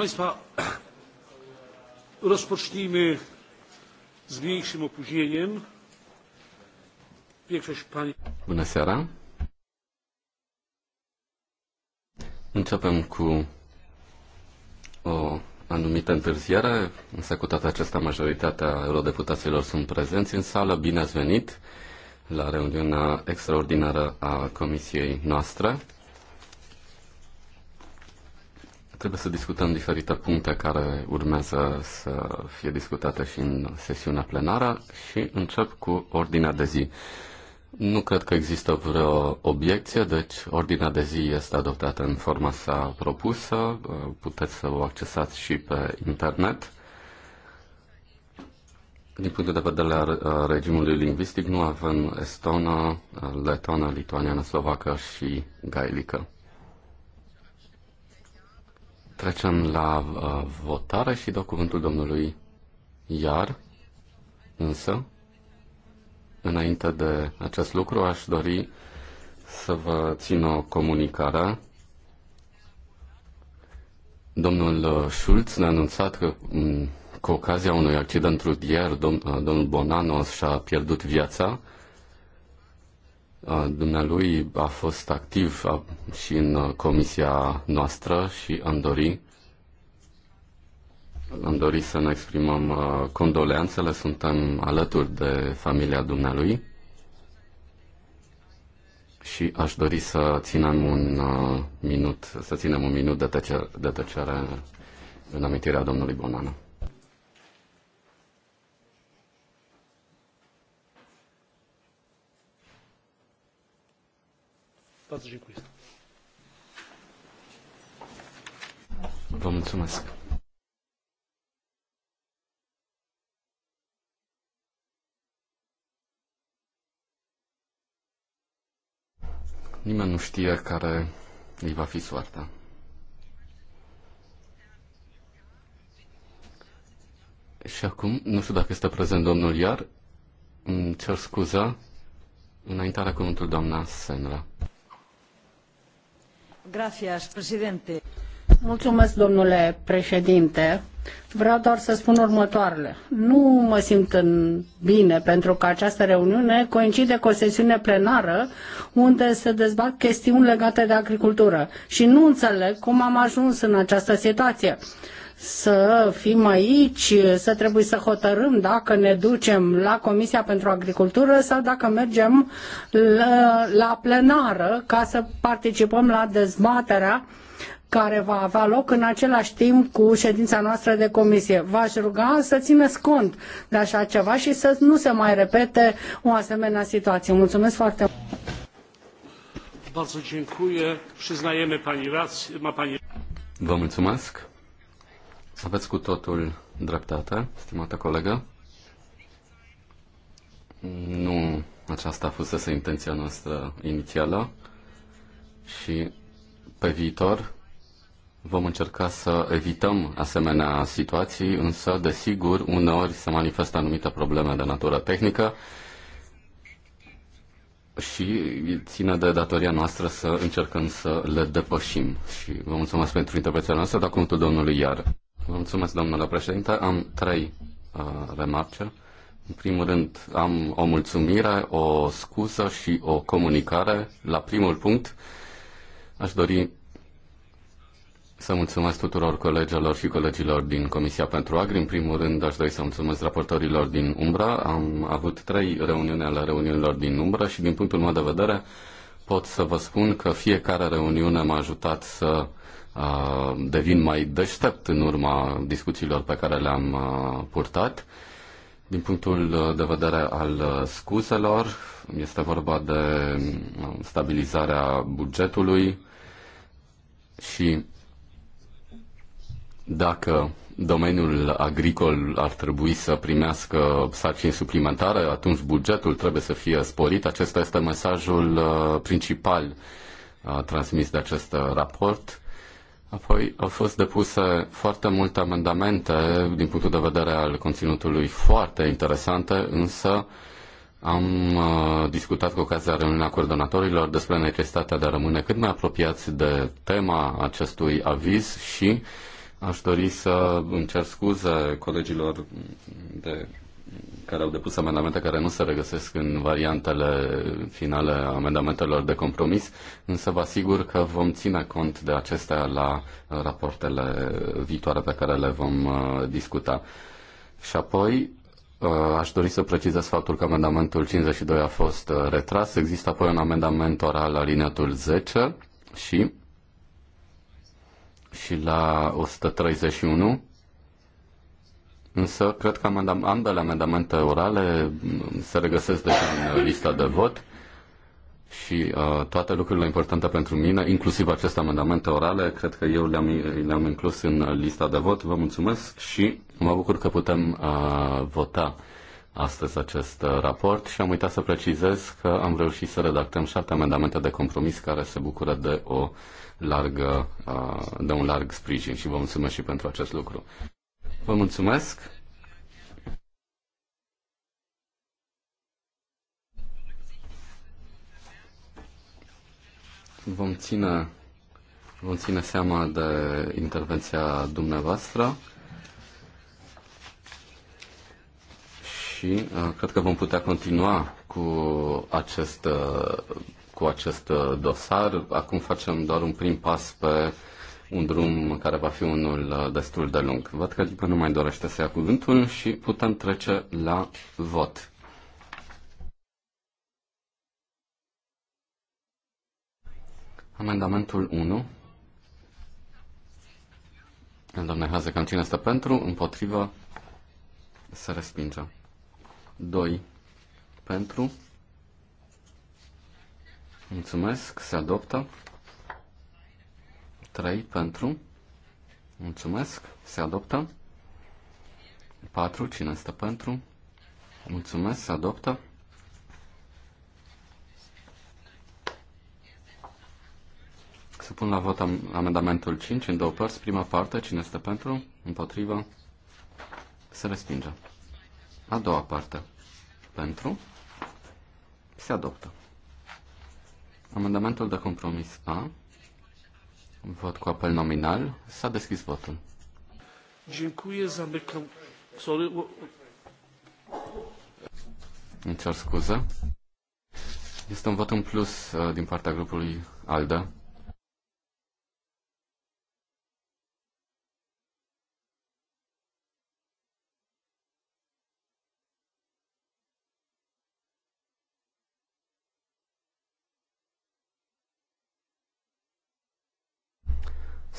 Państwa, rozpocznijmy z mniejszym opóźnieniem. Większość pani... Bună seara! Începem cu o anumită întârziere, însă cu toată acestea majoritatea eurodeputaților sunt prezenți în sală. Bine ați venit la reuniunea extraordinară a comisiei noastre. Trebuie să discutăm diferite puncte care urmează să fie discutate și în sesiunea plenară și încep cu ordinea de zi. Nu cred că există vreo obiecție, deci ordinea de zi este adoptată în forma sa propusă. Puteți să o accesați și pe internet. Din punctul de vedere al regimului lingvistic, nu avem estonă, letonă, lituaniană, slovacă și gaelică. Trecem la uh, votare și dau cuvântul domnului Iar, însă, înainte de acest lucru, aș dori să vă țin o comunicare. Domnul Schulz ne-a anunțat că mm, cu ocazia unui accident rutier, uh, domnul Bonanos și-a pierdut viața. Dumnealui a fost activ și în uh, comisia noastră și am dori am dorit să ne exprimăm uh, condoleanțele, suntem alături de familia dumnealui și aș dori să ținem un uh, minut, să ținem un minut de tăcere, de tăcere în amintirea domnului Bonana. Nimeni nu știe care îi va fi soarta. Și acum, nu știu dacă este prezent domnul Iar, îmi cer scuza, înaintarea cuvântul doamna Senra. Mulțumesc, domnule președinte. Vreau doar să spun următoarele. Nu mă simt în bine pentru că această reuniune coincide cu o sesiune plenară unde se dezbat chestiuni legate de agricultură și nu înțeleg cum am ajuns în această situație. Uh, să fim aici, să trebuie să hotărâm dacă ne ducem la Comisia pentru Agricultură sau dacă mergem la, la plenară ca să participăm la dezbaterea care va avea loc în același timp cu ședința noastră de comisie. V-aș ruga să țineți cont de așa ceva și să nu se mai repete o asemenea situație. Mulțumesc foarte mult! Vă mulțumesc. Aveți cu totul dreptate, stimată colegă. Nu aceasta a fost să intenția noastră inițială și pe viitor vom încerca să evităm asemenea situații, însă, desigur, uneori se manifestă anumite probleme de natură tehnică și ține de datoria noastră să încercăm să le depășim. Și vă mulțumesc pentru intervenția noastră, dar cuvântul domnului Iar. Vă mulțumesc, domnule președinte. Am trei uh, remarce. În primul rând, am o mulțumire, o scuză și o comunicare. La primul punct, aș dori să mulțumesc tuturor colegilor și colegilor din Comisia pentru Agri. În primul rând, aș dori să mulțumesc raportorilor din Umbra. Am avut trei reuniuni ale reuniunilor din Umbra și, din punctul meu de vedere, pot să vă spun că fiecare reuniune m-a ajutat să devin mai deștept în urma discuțiilor pe care le-am purtat. Din punctul de vedere al scuzelor, este vorba de stabilizarea bugetului și dacă domeniul agricol ar trebui să primească sarcini suplimentare, atunci bugetul trebuie să fie sporit. Acesta este mesajul principal transmis de acest raport Apoi au fost depuse foarte multe amendamente din punctul de vedere al conținutului foarte interesante, însă am uh, discutat cu ocazia reuniunea coordonatorilor despre necesitatea de a rămâne cât mai apropiați de tema acestui aviz și aș dori să îmi cer scuze colegilor de care au depus amendamente care nu se regăsesc în variantele finale a amendamentelor de compromis, însă vă asigur că vom ține cont de acestea la rapoartele viitoare pe care le vom uh, discuta. Și apoi, uh, Aș dori să precizez faptul că amendamentul 52 a fost uh, retras. Există apoi un amendament oral la liniatul 10 și, și la 131 Însă, cred că ambele amendamente orale se regăsesc deja în uh, lista de vot și uh, toate lucrurile importante pentru mine, inclusiv aceste amendamente orale, cred că eu le-am, le-am inclus în uh, lista de vot. Vă mulțumesc și mă bucur că putem uh, vota astăzi acest uh, raport și am uitat să precizez că am reușit să redactăm șapte amendamente de compromis care se bucură de o largă, uh, de un larg sprijin și vă mulțumesc și pentru acest lucru. Vă mulțumesc. Vom ține, vom ține seama de intervenția dumneavoastră și uh, cred că vom putea continua cu acest, uh, cu acest uh, dosar. Acum facem doar un prim pas pe un drum care va fi unul uh, destul de lung. Văd că Lipa nu mai dorește să ia cuvântul și putem trece la vot. Amendamentul 1. Doamne Hazekam, cine este pentru? Împotrivă? Se respinge. 2. Pentru? Mulțumesc, se adoptă. 3 pentru. Mulțumesc. Se adoptă. 4. Cine stă pentru? Mulțumesc. Se adoptă. Să pun la vot amendamentul 5 în două părți. Prima parte, cine stă pentru? Împotrivă? Se respinge. A doua parte, pentru? Se adoptă. Amendamentul de compromis A, Vot cu apel nominal. S-a deschis votul. Dziękuję, zamykam. Sorry. Îmi cer scuze. Este un vot în plus uh, din partea grupului ALDE.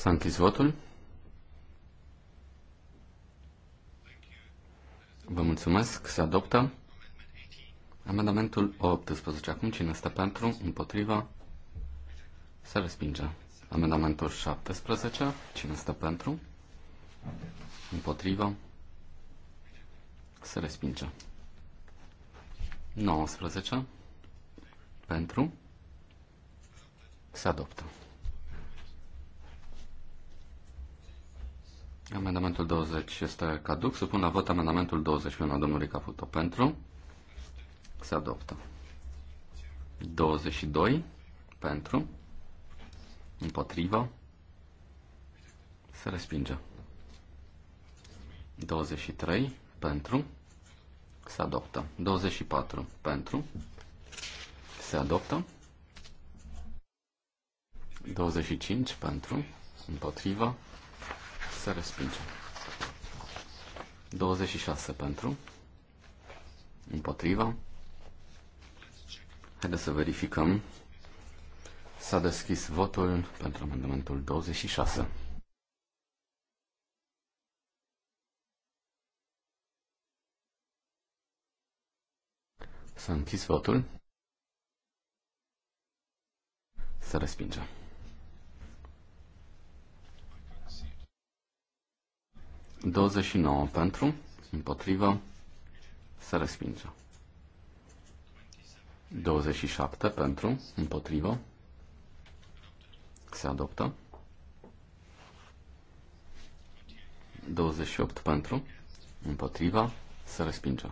S-a închis votul. Vă mulțumesc. Se adoptă. Amendamentul 18. Acum cine este pentru? Împotriva? Se respinge. Amendamentul 17. Cine este pentru? Împotriva? Se respinge. 19. Pentru? Se adoptă. Amendamentul 20 este caduc. Supun la vot amendamentul 21 al domnului Caputo. Pentru. Se adoptă. 22. Pentru. Împotrivă. Se respinge. 23. Pentru. Se adoptă. 24. Pentru. Se adoptă. 25. Pentru. Împotrivă. Să respingem 26 pentru, împotriva. Haideți să verificăm. S-a deschis votul pentru amendamentul 26. S-a închis votul. Să respingem. 29 pentru, împotrivă, se respinge. 27 pentru, împotrivă, se adoptă. 28 pentru, împotriva, se respinge.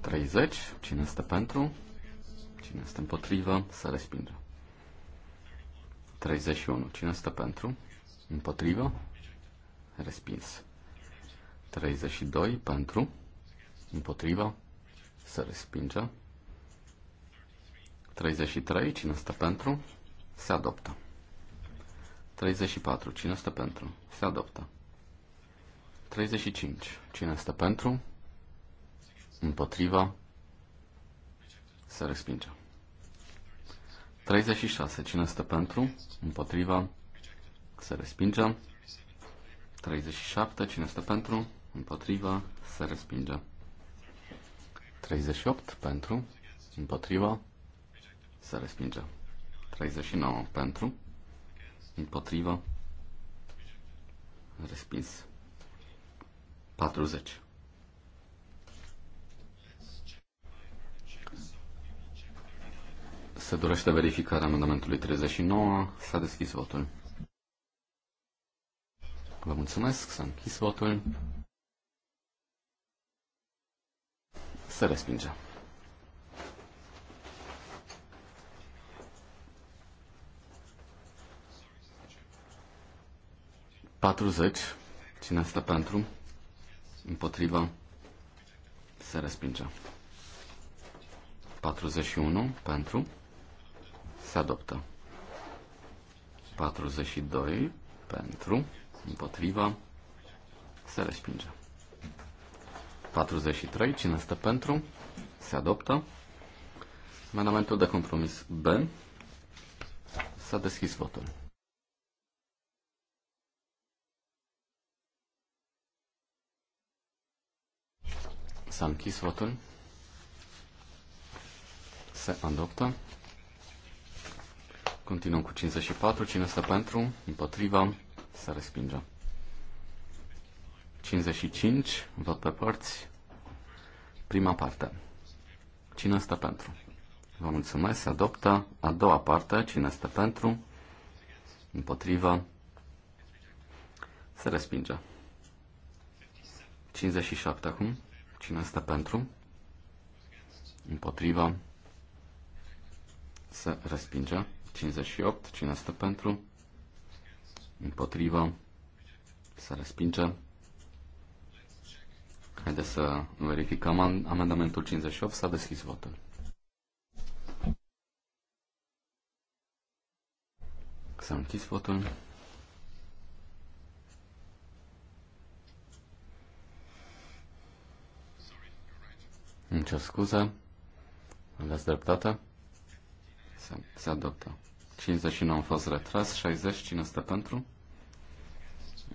30, cine este pentru, cine este împotrivă, se respinge. 31, cine este pentru, împotrivă, respins. 32 pentru, împotriva, se respinge. 33, cine stă pentru, se adoptă. 34, cine stă pentru, se adoptă. 35, cine stă pentru, împotriva, se respinge. 36, cine stă pentru, împotriva, se respinge. 37. Cine este pentru? Împotriva. Se respinge. 38. Pentru. Împotriva. Se respinge. 39. Pentru. Împotriva. Respins. 40. Se dorește verificarea amendamentului 39. S-a deschis votul. Vă mulțumesc, s închis votul. Se respinge. Patruzeci. Cine stă pentru? Împotriva. Se respinge. 41 pentru. Se adoptă. 42 pentru Împotriva. Se respinge. 43. Cine este pentru? Se adoptă. Amendamentul de compromis B. S-a deschis votul. S-a închis votul. Se adoptă. Continuăm cu 54. Cine este pentru? Împotriva? se respinge. 55, vot pe părți, prima parte. Cine este pentru? Vă mulțumesc, se adoptă. A doua parte, cine este pentru? Împotriva. Se respinge. 57 acum. Cine este pentru? Împotriva. Se respinge. 58. Cine este pentru? împotrivă, să respinge. Haideți să verificăm amendamentul 58, s-a deschis votul. S-a închis votul. Îmi cer scuză, Aveți dreptate? Se, se adoptă. 59 a fost retras, 60, cine stă pentru?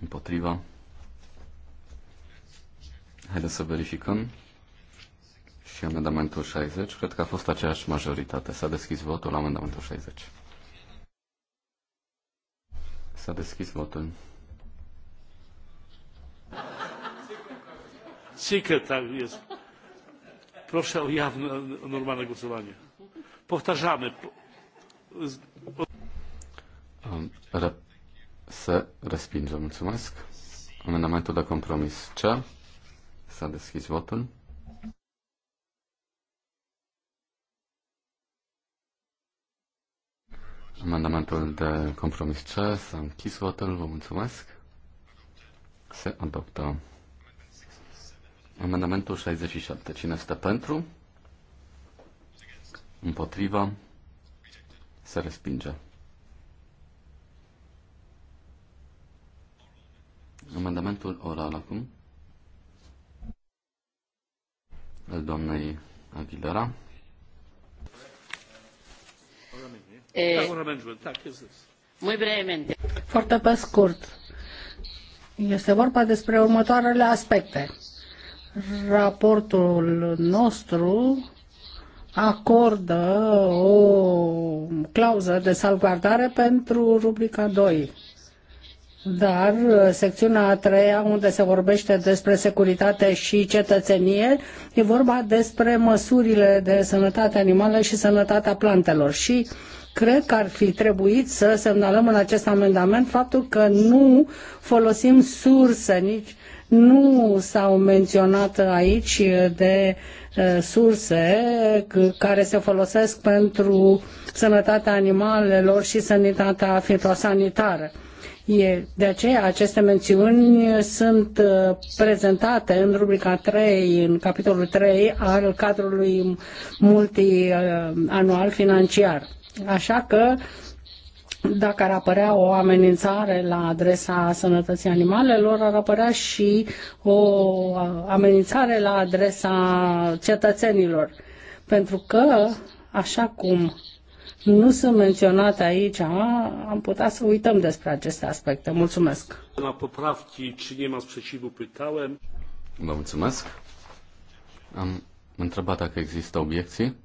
Împotriva. Haideți să verificăm. Și amendamentul 60, cred că a fost aceeași majoritate. S-a deschis votul la amendamentul 60. S-a deschis votul. Secretar jest. Proszę o jawne, normalne głosowanie. Powtarzamy. Se respinge. Mulțumesc. Amendamentul de compromis C. S-a deschis votul. Amendamentul de compromis C. S-a închis votul. Vă mulțumesc. Se adoptă. Amendamentul 67. Cine este pentru? Împotriva? Se respinge. Amendamentul oral acum al doamnei Aguilera. E, eh, da, muy brevemente. Foarte pe scurt. Este vorba despre următoarele aspecte. Raportul nostru acordă o clauză de salvgardare pentru rubrica 2. Dar secțiunea a treia, unde se vorbește despre securitate și cetățenie, e vorba despre măsurile de sănătate animală și sănătatea plantelor. Și cred că ar fi trebuit să semnalăm în acest amendament faptul că nu folosim surse nici nu s-au menționat aici de uh, surse care se folosesc pentru sănătatea animalelor și sănătatea fitosanitară. De aceea aceste mențiuni sunt uh, prezentate în rubrica 3, în capitolul 3 al cadrului multianual financiar. Așa că dacă ar apărea o amenințare la adresa sănătății animalelor, ar apărea și o amenințare la adresa cetățenilor. Pentru că, așa cum nu sunt menționate aici, am putea să uităm despre aceste aspecte. Mulțumesc. La poprawki, cine m ma Vă mulțumesc. Am întrebat dacă există obiecții.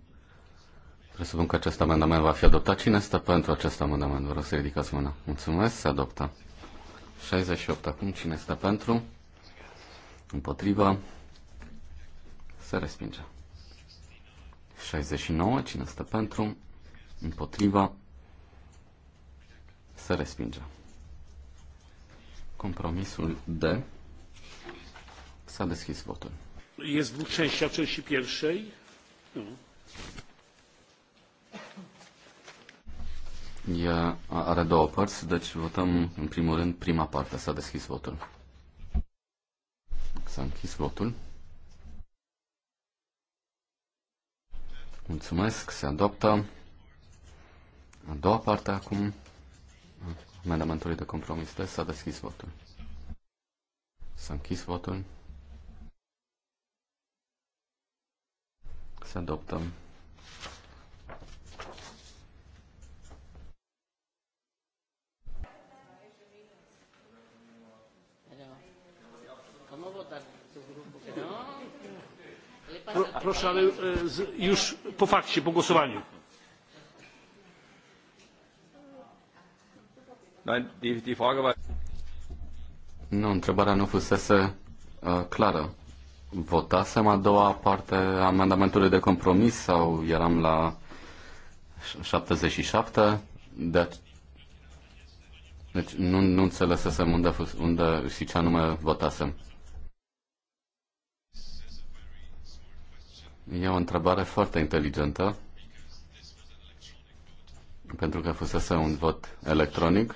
Presupun că acest amendament va fi adoptat. Cine este pentru acest amendament? Vreau să ridicați mâna. Mulțumesc, se adoptă. 68 acum. Cine este pentru? Împotriva? Se respinge. 69. Cine este pentru? Împotriva? Se respinge. Compromisul D. S-a deschis votul. Este dwóch częściach części pierwszej. Ea are două părți, deci votăm în primul rând prima parte. S-a deschis votul. S-a închis votul. Mulțumesc, se adoptă. A doua parte acum, amendamentului de compromis, deci s-a deschis votul. S-a închis votul. Se adoptă. proszę ale już po fakcie po głosowaniu. Nu, întrebarea nu fusese uh, clară. Votasem a doua parte a amendamentului de compromis sau eram la 77? De deci nu, nu înțelesesem unde, fus, unde și ce anume votasem. E o întrebare foarte inteligentă, pentru că fusese un vot electronic.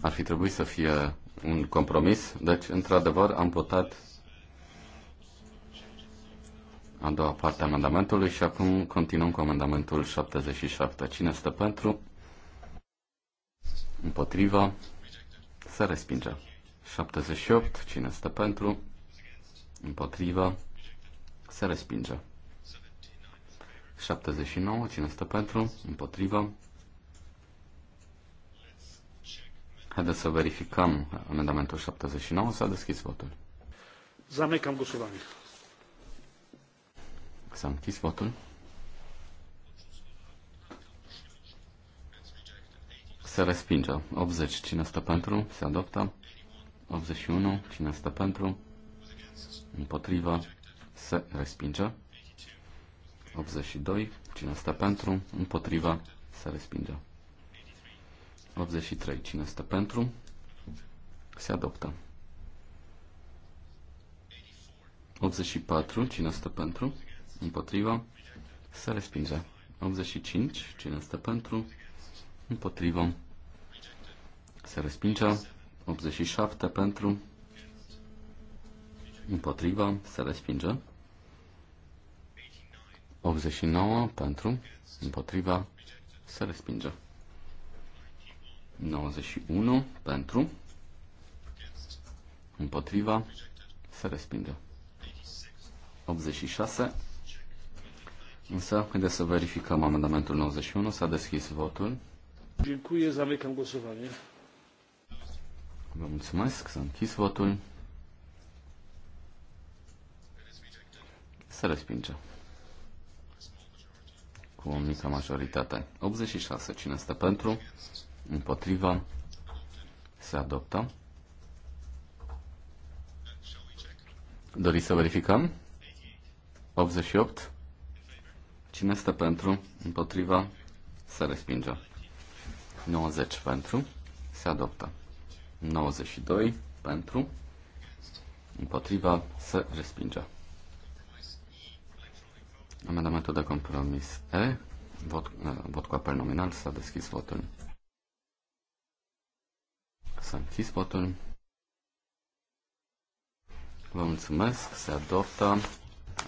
Ar fi trebuit să fie un compromis, deci, într-adevăr, am votat a doua parte a amendamentului și acum continuăm cu amendamentul 77. Cine stă pentru? Împotriva? Se respinge. 78. Cine stă pentru? Împotriva? Se respinge. 79. Cine stă pentru? Împotrivă. Haideți să verificăm amendamentul 79. S-a deschis votul. Zamecam gusulani. S-a închis votul. Se respinge. 80. Cine stă pentru? Se adoptă. 81. Cine stă pentru? Împotrivă se respinge. 82, cine stă pentru, împotriva, se respinge. 83, cine stă pentru, se adoptă. 84, cine stă pentru, împotriva, se respinge. 85, cine stă pentru, împotriva, se respinge. 87 pentru, împotriva, se respinge. 89 pentru, împotriva, se respinge. 91 pentru, împotriva, se respinge. 86. Însă, haideți să verificăm amendamentul 91. S-a deschis votul. Dziękuję, zamykam głosowanie. Vă mulțumesc, s-a închis votul. Se respinge cu o mică majoritate. 86. Cine este pentru? Împotriva? Se adoptă. Doriți să verificăm? 88. Cine este pentru? Împotriva? Se respinge. 90 pentru. Se adoptă. 92 pentru. Împotriva? Se respinge. Amendamentul de compromis E. Vot, vot cu apel nominal. S-a deschis votul. S-a închis votul. Vă mulțumesc. Se adoptă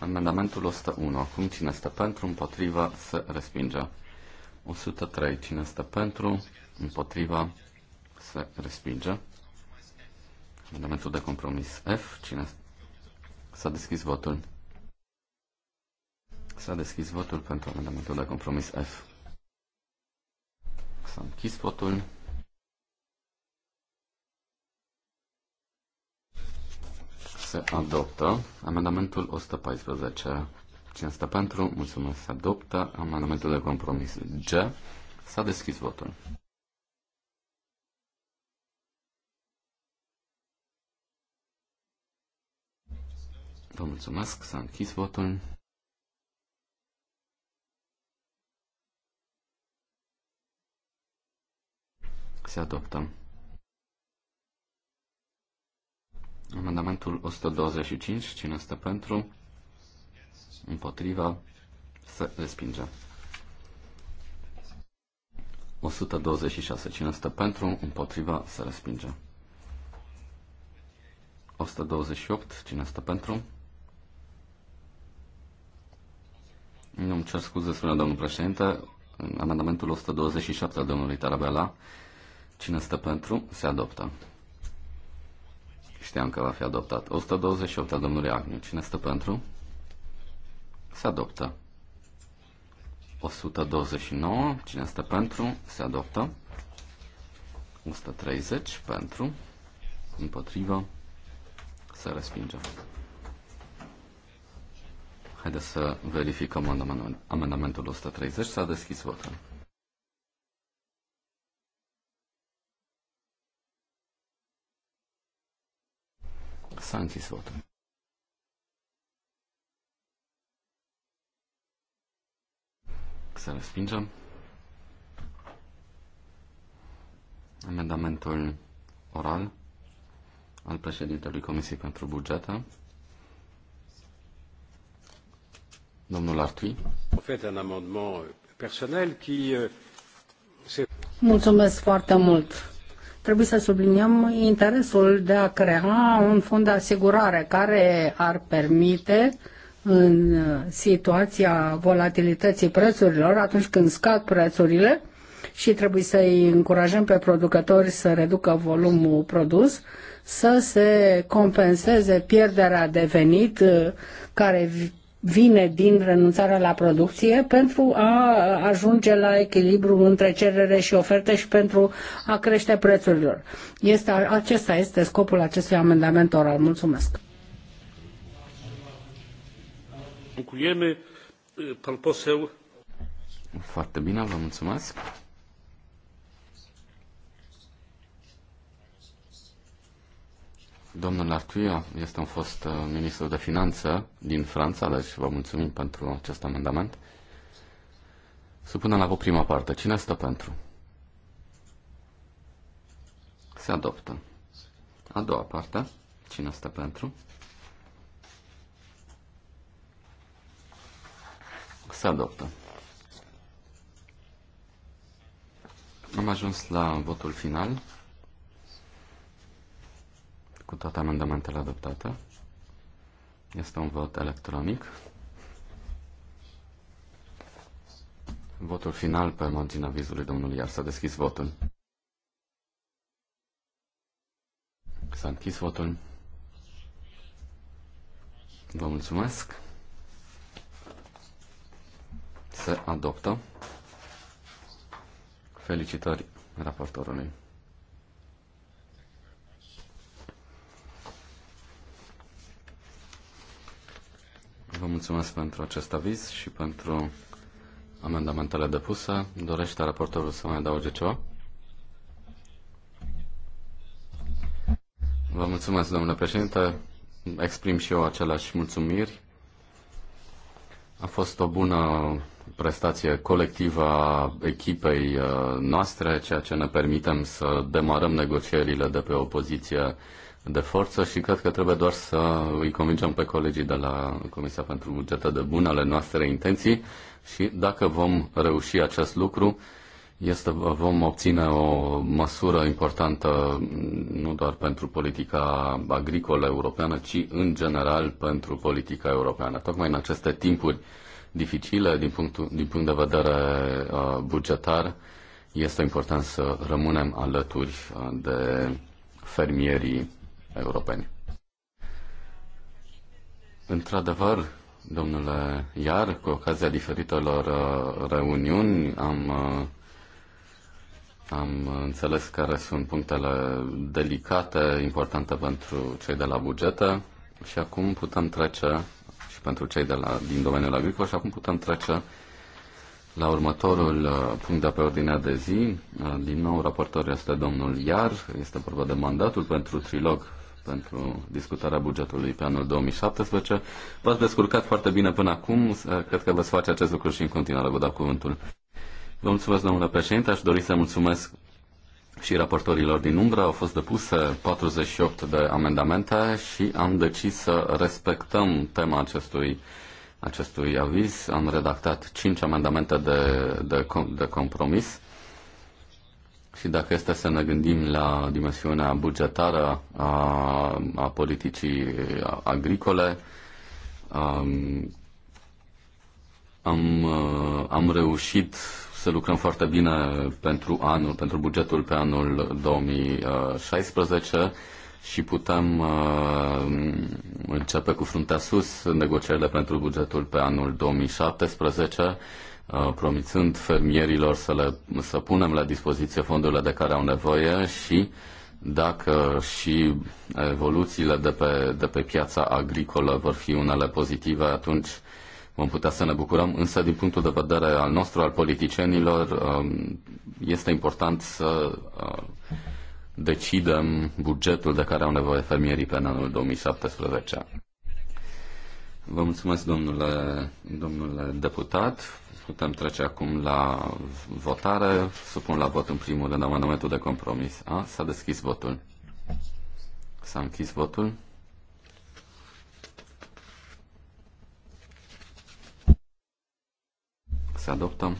amendamentul 101. Acum cine este pentru, împotriva, se respinge. 103. Cine este pentru, împotriva, se respinge. Amendamentul de compromis F. Cine s-a deschis votul. S-a deschis votul pentru amendamentul de compromis F. S-a închis votul. Se adoptă amendamentul 114. Cine stă pentru? Mulțumesc. Se adoptă amendamentul de compromis G. S-a deschis votul. Vă mulțumesc, s-a închis votul. Se adoptă. Amendamentul 125. Cine este pentru? Împotriva? Se respinge. 126. Cine este pentru? Împotriva? Se respinge. 128. Cine este pentru? Nu, îmi cer scuze, spune domnul președinte. Amendamentul 127 al domnului Tarabella Cine stă pentru, se adoptă. Știam că va fi adoptat. 128 a domnului Agniu. Cine stă pentru? Se adoptă. 129. Cine stă pentru? Se adoptă. 130 pentru. Împotrivă. Se respinge. Haideți să verificăm amendamentul 130. S-a deschis votul. S-a închis votul. Să respingem. Amendamentul oral al președintelui Comisiei pentru Bugete. Domnul Artui. un amendament personal, euh, care. Mulțumesc foarte mult trebuie să subliniem interesul de a crea un fond de asigurare care ar permite în situația volatilității prețurilor, atunci când scad prețurile și trebuie să îi încurajăm pe producători să reducă volumul produs, să se compenseze pierderea de venit care vine din renunțarea la producție pentru a ajunge la echilibru între cerere și ofertă și pentru a crește prețurilor. Este, acesta este scopul acestui amendament oral. Mulțumesc. Foarte bine, vă mulțumesc. Domnul Artuia este un fost uh, ministru de finanță din Franța, deci vă mulțumim pentru acest amendament. Supunem la o prima parte. Cine stă pentru? Se adoptă. A doua parte. Cine stă pentru? Se adoptă. Am ajuns la votul final cu toate amendamentele adoptate. Este un vot electronic. Votul final pe marginea vizului domnului Iar. S-a deschis votul. S-a închis votul. Vă mulțumesc. Se adoptă. Felicitări raportorului. Vă mulțumesc pentru acest aviz și pentru amendamentele depuse. Dorește raportorul să mai adauge ceva? Vă mulțumesc, domnule președinte. Exprim și eu aceleași mulțumiri. A fost o bună prestație colectivă a echipei uh, noastre, ceea ce ne permitem să demarăm negocierile de pe o poziție de forță și cred că trebuie doar să îi convingem pe colegii de la Comisia pentru bugetă de Bun ale noastre intenții și dacă vom reuși acest lucru, este, vom obține o măsură importantă nu doar pentru politica agricolă europeană, ci în general pentru politica europeană. Tocmai în aceste timpuri dificile din, punctul, din punct de vedere uh, bugetar, este important să rămânem alături uh, de fermierii europeni. Într-adevăr, domnule Iar, cu ocazia diferitelor uh, reuniuni am, uh, am înțeles care sunt punctele delicate, importante pentru cei de la bugete și acum putem trece și pentru cei de la, din domeniul agricol și acum putem trece la următorul uh, punct de pe ordinea de zi, din nou raportorul este domnul Iar, este vorba de mandatul pentru trilog pentru discutarea bugetului pe anul 2017. V-ați descurcat foarte bine până acum. Cred că veți face acest lucru și în continuare. Vă dau cuvântul. Vă mulțumesc, domnule președinte. Aș dori să mulțumesc și raportorilor din umbră. Au fost depuse 48 de amendamente și am decis să respectăm tema acestui acestui aviz. Am redactat 5 amendamente de, de, de compromis și dacă este să ne gândim la dimensiunea bugetară a, a politicii agricole, am, am reușit să lucrăm foarte bine pentru anul, pentru bugetul pe anul 2016 și putem uh, începe cu fruntea sus negocierile pentru bugetul pe anul 2017, uh, promițând fermierilor să, le, să punem la dispoziție fondurile de care au nevoie și dacă și evoluțiile de pe, de pe piața agricolă vor fi unele pozitive, atunci vom putea să ne bucurăm, însă din punctul de vedere al nostru, al politicienilor, uh, este important să uh, decidem bugetul de care au nevoie fermierii pe anul 2017. Vă mulțumesc, domnule, domnule deputat. Putem trece acum la votare. Supun la vot în primul rând amendamentul de compromis. A, s-a deschis votul. S-a închis votul. Se adoptă.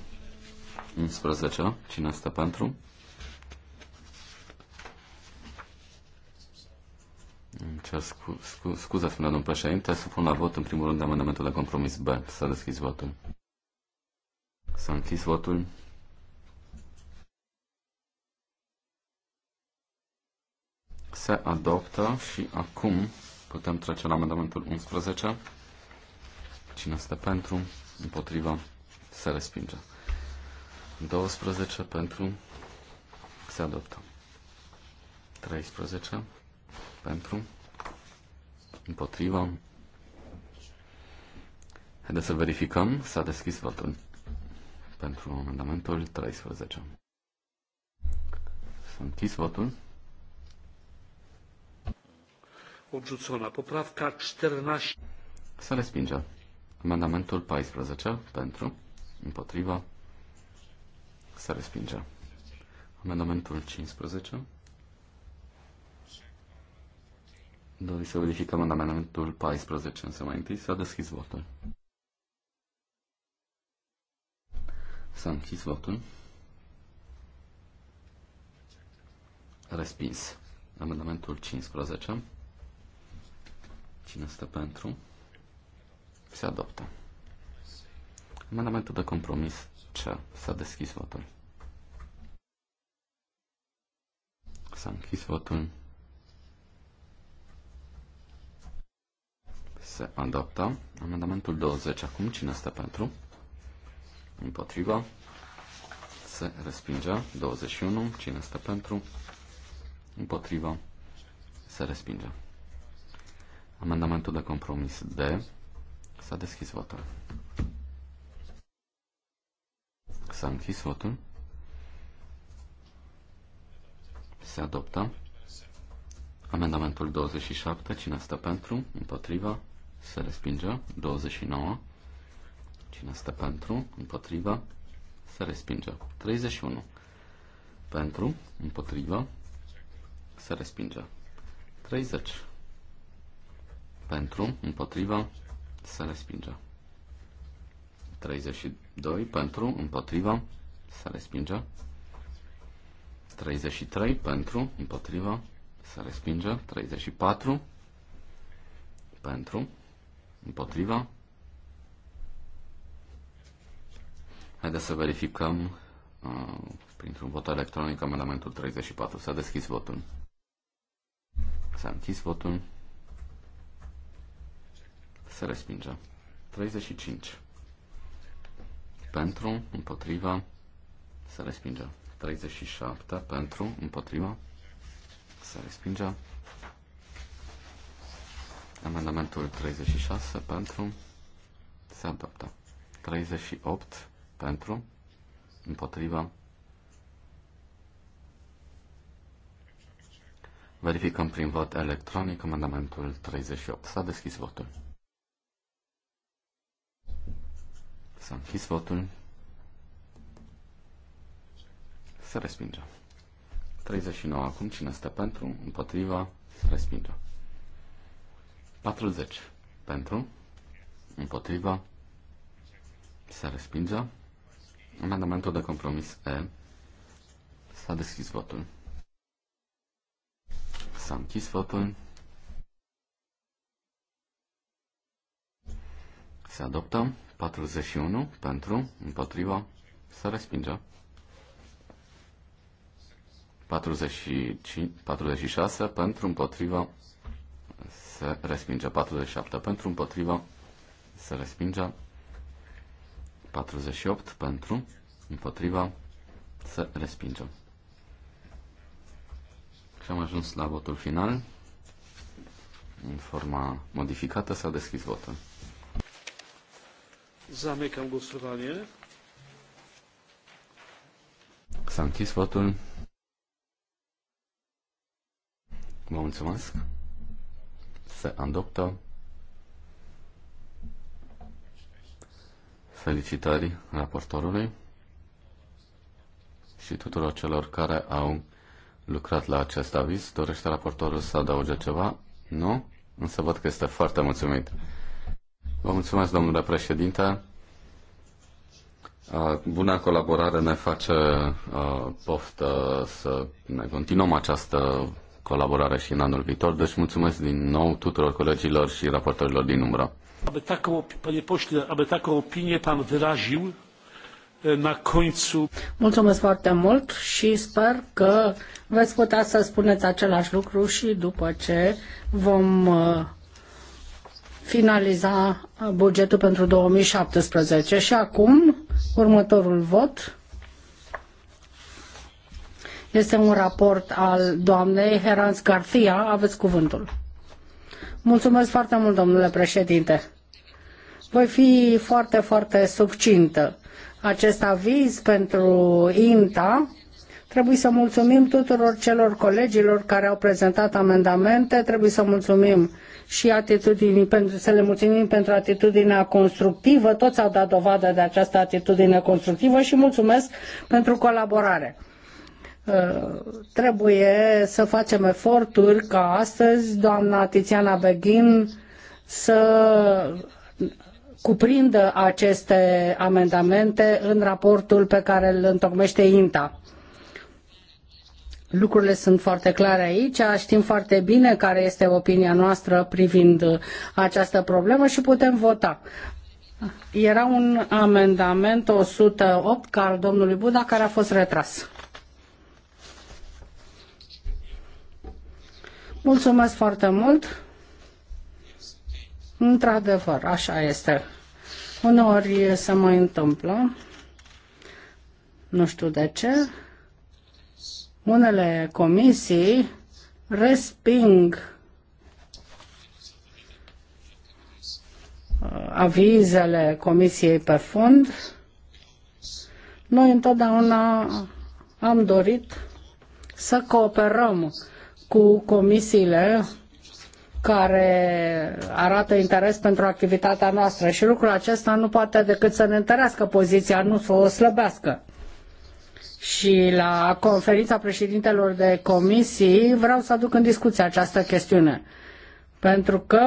11. Cine este pentru? Ce scu- scu- scuze, spune domnul președinte, pun la vot în primul rând amendamentul de compromis B. S-a deschis votul. S-a închis votul. Se adoptă și acum putem trece la amendamentul 11. Cine este pentru? Împotriva? Se respinge. 12 pentru? Se adoptă. 13 pentru, împotriva. Haideți să verificăm. S-a deschis votul pentru amendamentul 13. S-a închis votul. Odrzucona. Poprawka 14. Să respinge. Amendamentul 14 pentru, împotriva, Să respinge. Amendamentul 15 Doriți să verificăm amendamentul 14, însă mai întâi s-a deschis votul. S-a închis votul. Respins. Amendamentul 15. Cine stă pentru? Se adoptă. Amendamentul de compromis C. S-a deschis votul. S-a închis votul. se adoptă. Amendamentul 20 acum, cine este pentru? Împotriva. Se respinge. 21, cine este pentru? Împotriva. Se respinge. Amendamentul de compromis D. S-a deschis votul. S-a închis votul. Se adoptă. Amendamentul 27. Cine stă pentru? Împotriva? se respinge. 29. Cine este pentru? Împotriva. Se respinge. 31. Pentru. Împotriva. Se respinge. 30. Pentru. Împotriva. Se respinge. 32. Pentru. Împotriva. Se respinge. 33. Pentru. Împotriva. Se respinge. 34. Pentru Împotriva? Haideți să verificăm uh, printr-un vot electronic amendamentul 34. S-a deschis votul. S-a închis votul. Se respinge. 35. Pentru, împotriva, se respinge. 37 pentru, împotriva, se respinge. Amendamentul 36 pentru se adoptă. 38 pentru împotriva. Verificăm prin vot electronic amendamentul 38. S-a deschis votul. S-a închis votul. Se respinge. 39 acum. Cine este pentru? Împotriva? Se respinge. 40 pentru, împotriva, se respinge. Amendamentul de compromis E. S-a deschis votul. S-a închis votul. Se adoptă 41 pentru, împotriva, se respinge. 45, 46 pentru, împotriva, se respinge. 47 pentru, împotriva, se respinge. 48 pentru, împotriva, se respinge. Și am ajuns la votul final. În forma modificată s-a deschis votul. Zamecam głosowanie. S-a închis votul. Vă mulțumesc se adoptă. Felicitări raportorului și tuturor celor care au lucrat la acest aviz. Dorește raportorul să adauge ceva? Nu? Însă văd că este foarte mulțumit. Vă mulțumesc, domnule președinte. Buna colaborare ne face poftă să ne continuăm această colaborare și în anul viitor. Deci mulțumesc din nou tuturor colegilor și raportorilor din umbră. Aby taką, panie pośle, aby taką opinię pan wyraził na końcu. Mulțumesc foarte mult și sper că veți putea să spuneți același lucru și după ce vom finaliza bugetul pentru 2017. Și acum, următorul vot este un raport al doamnei Herans Garcia. Aveți cuvântul. Mulțumesc foarte mult, domnule președinte. Voi fi foarte, foarte succintă. Acest aviz pentru INTA Trebuie să mulțumim tuturor celor colegilor care au prezentat amendamente, trebuie să mulțumim și atitudinii, pentru, să le mulțumim pentru atitudinea constructivă, toți au dat dovadă de această atitudine constructivă și mulțumesc pentru colaborare. Uh, trebuie să facem eforturi ca astăzi doamna Tiziana Beghin să cuprindă aceste amendamente în raportul pe care îl întocmește INTA. Lucrurile sunt foarte clare aici, știm foarte bine care este opinia noastră privind această problemă și putem vota. Era un amendament 108 al domnului Buda care a fost retras. Mulțumesc foarte mult. Într-adevăr, așa este. Uneori se mai întâmplă, nu știu de ce, unele comisii resping uh, avizele comisiei pe fond. Noi întotdeauna am dorit să cooperăm cu comisiile care arată interes pentru activitatea noastră și lucrul acesta nu poate decât să ne întărească poziția, nu să o slăbească. Și la conferința președintelor de comisii vreau să aduc în discuție această chestiune, pentru că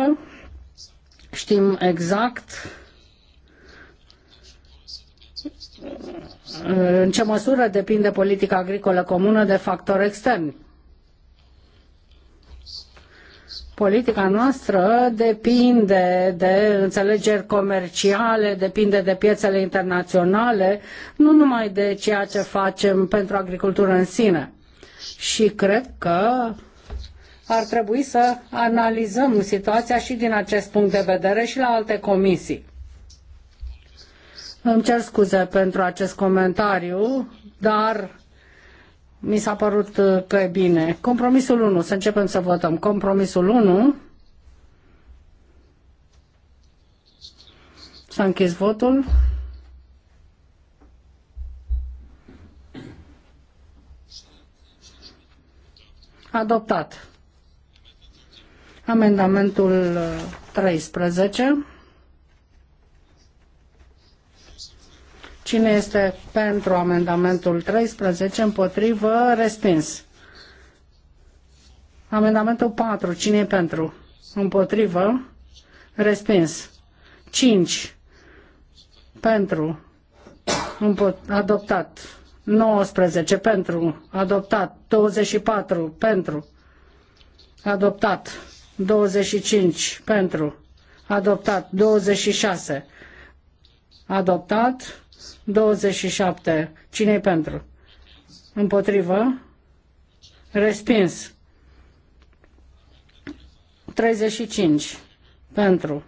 știm exact în ce măsură depinde politica agricolă comună de factori externi politica noastră depinde de înțelegeri comerciale, depinde de piețele internaționale, nu numai de ceea ce facem pentru agricultură în sine. Și cred că ar trebui să analizăm situația și din acest punct de vedere și la alte comisii. Îmi cer scuze pentru acest comentariu, dar mi s-a părut uh, că e bine. Compromisul 1, să începem să votăm. Compromisul 1. S-a închis votul. Adoptat. Amendamentul 13. Uh, Cine este pentru amendamentul 13? Împotrivă? Respins. Amendamentul 4. Cine e pentru? Împotrivă? Respins. 5. Pentru. adoptat. 19. Pentru. Adoptat. 24. Pentru. Adoptat. 25. Pentru. Adoptat. 26. Adoptat. 27. cine e pentru? Împotrivă? Respins. 35. Pentru.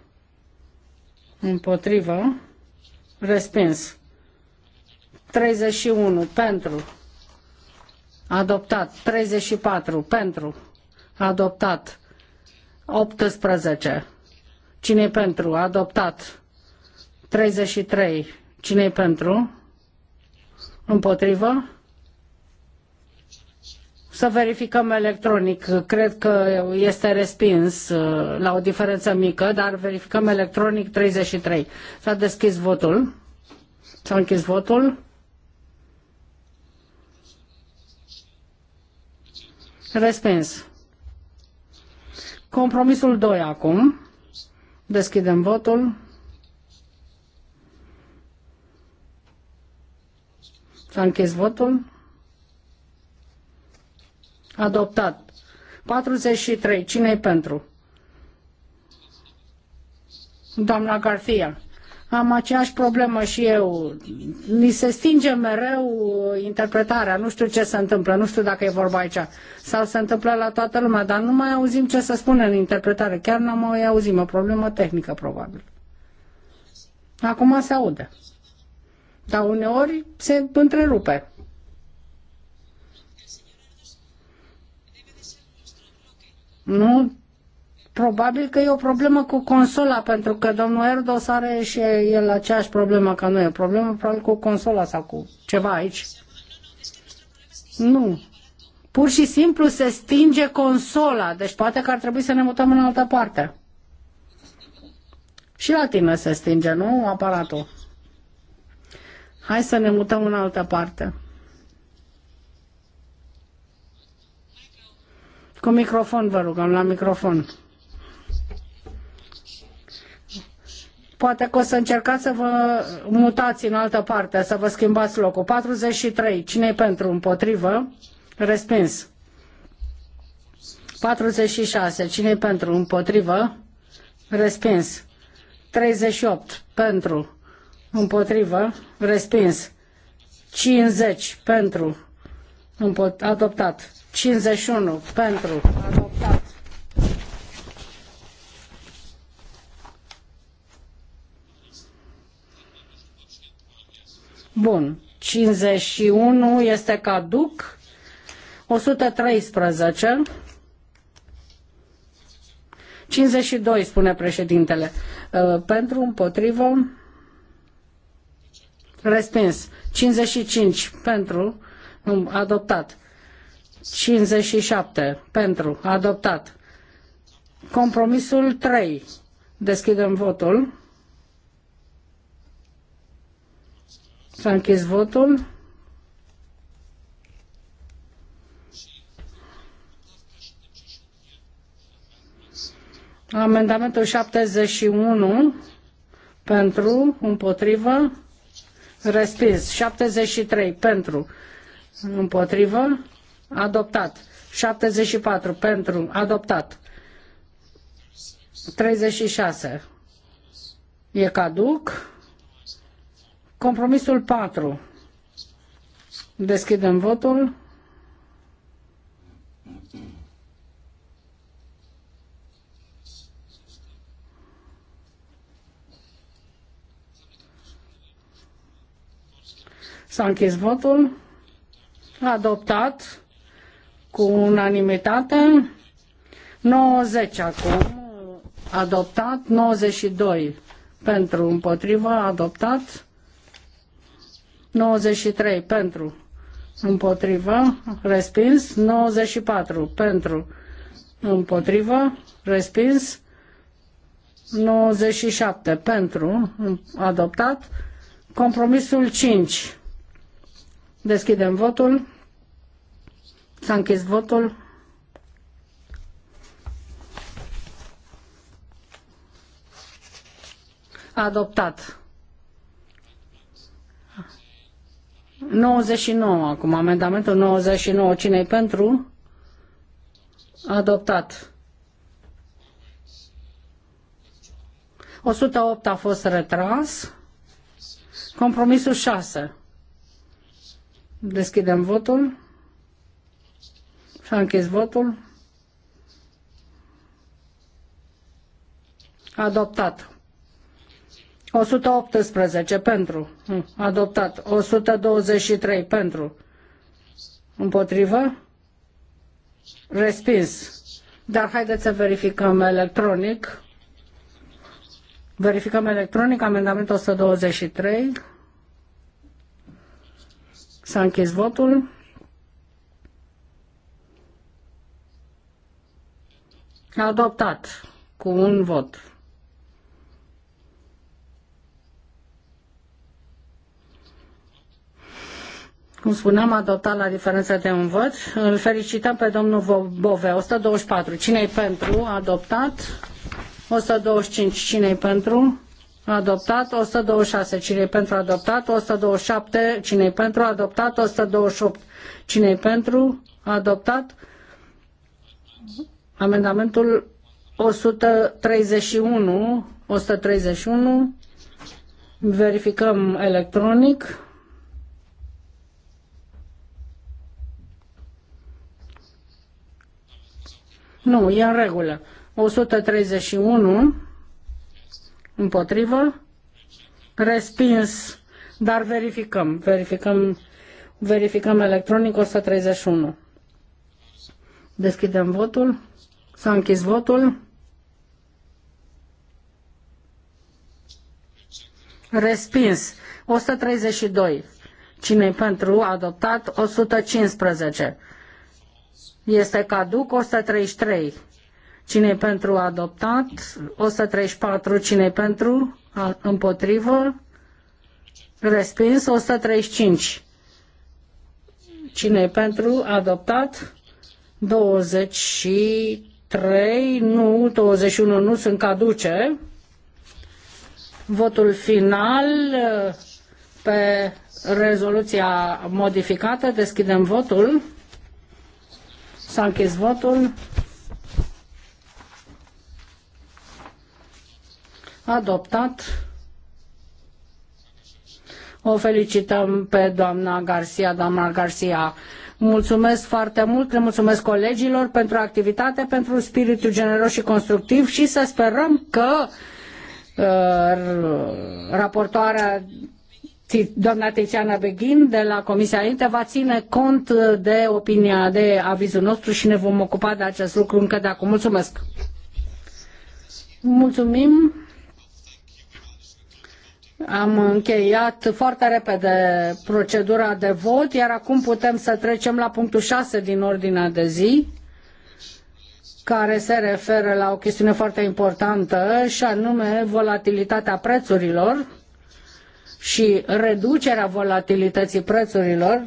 Împotrivă. Respins. 31. Pentru. Adoptat. 34. Pentru. Adoptat. 18. Cine pentru? Adoptat. 33. Cine e pentru? Împotrivă? Să verificăm electronic. Cred că este respins uh, la o diferență mică, dar verificăm electronic 33. S-a deschis votul. S-a închis votul. Respins. Compromisul 2 acum. Deschidem votul. S-a închis votul. Adoptat. 43. cine e pentru? Doamna Garfia. Am aceeași problemă și eu. Mi se stinge mereu interpretarea. Nu știu ce se întâmplă. Nu știu dacă e vorba aici. Sau se întâmplă la toată lumea. Dar nu mai auzim ce se spune în interpretare. Chiar nu mai auzim. O problemă tehnică, probabil. Acum se aude dar uneori se întrerupe. Nu? Probabil că e o problemă cu consola, pentru că domnul Erdos are și el aceeași problemă ca noi. O problemă probabil cu consola sau cu ceva aici. Nu. Pur și simplu se stinge consola, deci poate că ar trebui să ne mutăm în altă parte. Și la tine se stinge, nu? Aparatul. Hai să ne mutăm în altă parte. Cu microfon, vă rugăm, la microfon. Poate că o să încercați să vă mutați în altă parte, să vă schimbați locul. 43. cine e pentru? Împotrivă? Respins. 46. cine e pentru? Împotrivă? Respins. 38. Pentru împotrivă, respins. 50 pentru, adoptat. 51 pentru, adoptat. Bun. 51 este caduc. 113. 52, spune președintele. Ă, pentru, împotrivă, respins. 55 pentru, adoptat. 57 pentru, adoptat. Compromisul 3. Deschidem votul. S-a închis votul. Amendamentul 71 pentru, împotrivă, Respins. 73 pentru. Împotrivă. Adoptat. 74 pentru. Adoptat. 36. E caduc. Compromisul 4. Deschidem votul. S-a închis votul. Adoptat cu unanimitate. 90 acum. Adoptat. 92 pentru împotrivă. Adoptat. 93 pentru împotrivă. Respins. 94 pentru împotrivă. Respins. 97 pentru adoptat. Compromisul 5 Deschidem votul. S-a închis votul. Adoptat. 99 acum, amendamentul 99, cine e pentru? Adoptat. 108 a fost retras. Compromisul 6. Deschidem votul. și a închis votul. Adoptat. 118 pentru. Adoptat. 123 pentru. Împotrivă? Respins. Dar haideți să verificăm electronic. Verificăm electronic amendamentul 123. S-a închis votul. Adoptat cu un vot. cum spuneam, adoptat la diferență de un vot. Îl felicităm pe domnul Bove. 124. Cine-i pentru? Adoptat. 125. Cine-i pentru? adoptat 126, cine pentru adoptat 127, cine pentru adoptat 128, cine pentru adoptat amendamentul 131, 131, verificăm electronic. Nu, e în regulă. 131 Împotrivă? Respins. Dar verificăm. Verificăm, verificăm electronic 131. Deschidem votul. S-a închis votul. Respins. 132. cine pentru? Adoptat. 115. Este caduc. 133. Cine e pentru adoptat? 134. Cine e pentru? Împotrivă? Respins. 135. Cine e pentru? Adoptat. 23. Nu. 21. Nu sunt caduce. Votul final pe rezoluția modificată. Deschidem votul. S-a închis votul. adoptat. O felicităm pe doamna Garcia, doamna Garcia. Mulțumesc foarte mult, le mulțumesc colegilor pentru activitate, pentru spiritul generos și constructiv și să sperăm că uh, raportoarea doamna Tiziana Beghin de la Comisia Inte va ține cont de opinia, de avizul nostru și ne vom ocupa de acest lucru încă de acum. Mulțumesc! Mulțumim! Am încheiat foarte repede procedura de vot, iar acum putem să trecem la punctul 6 din ordinea de zi, care se referă la o chestiune foarte importantă, și anume volatilitatea prețurilor și reducerea volatilității prețurilor.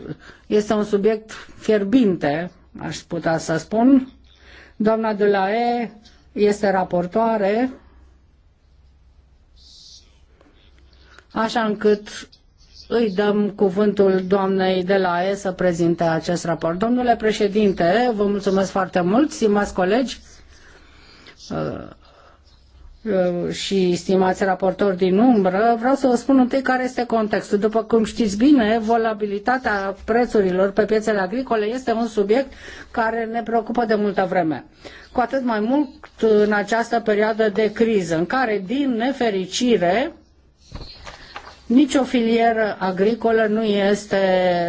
Este un subiect fierbinte, aș putea să spun. Doamna de la E este raportoare așa încât îi dăm cuvântul doamnei de la E să prezinte acest raport. Domnule președinte, vă mulțumesc foarte mult, stimați colegi uh, uh, și stimați raportori din umbră, vreau să vă spun întâi care este contextul. După cum știți bine, volabilitatea prețurilor pe piețele agricole este un subiect care ne preocupă de multă vreme. Cu atât mai mult în această perioadă de criză, în care, din nefericire, nici o filieră agricolă nu este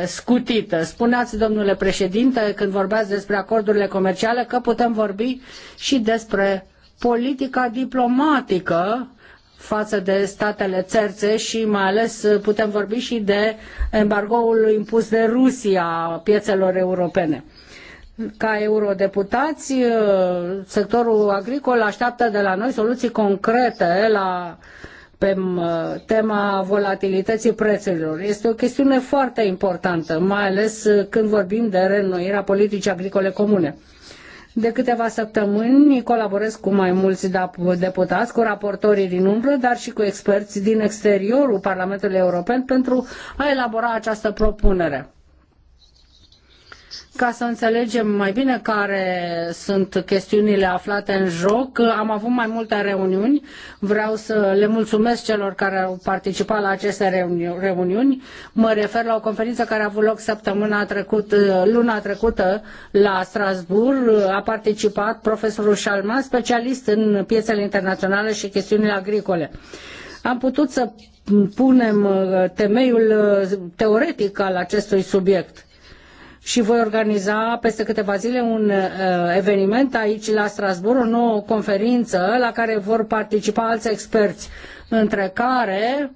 scutită. Spuneați, domnule președinte, când vorbeați despre acordurile comerciale, că putem vorbi și despre politica diplomatică față de statele terțe și mai ales putem vorbi și de embargoul impus de Rusia piețelor europene. Ca eurodeputați, sectorul agricol așteaptă de la noi soluții concrete la pe tema volatilității prețurilor. Este o chestiune foarte importantă, mai ales uh, când vorbim de reînnoirea politicii agricole comune. De câteva săptămâni colaborez cu mai mulți deputați, cu raportorii din umbră, dar și cu experți din exteriorul Parlamentului European pentru a elabora această propunere. Ca să înțelegem mai bine care sunt chestiunile aflate în joc, am avut mai multe reuniuni. Vreau să le mulțumesc celor care au participat la aceste reuni reuniuni. Mă refer la o conferință care a avut loc săptămâna trecută, luna trecută la Strasbourg. A participat profesorul Shalman, specialist în piețele internaționale și chestiunile agricole. Am putut să punem uh, temeiul uh, teoretic al acestui subiect și voi organiza peste câteva zile un uh, eveniment aici la Strasbourg, o nouă conferință la care vor participa alți experți, între care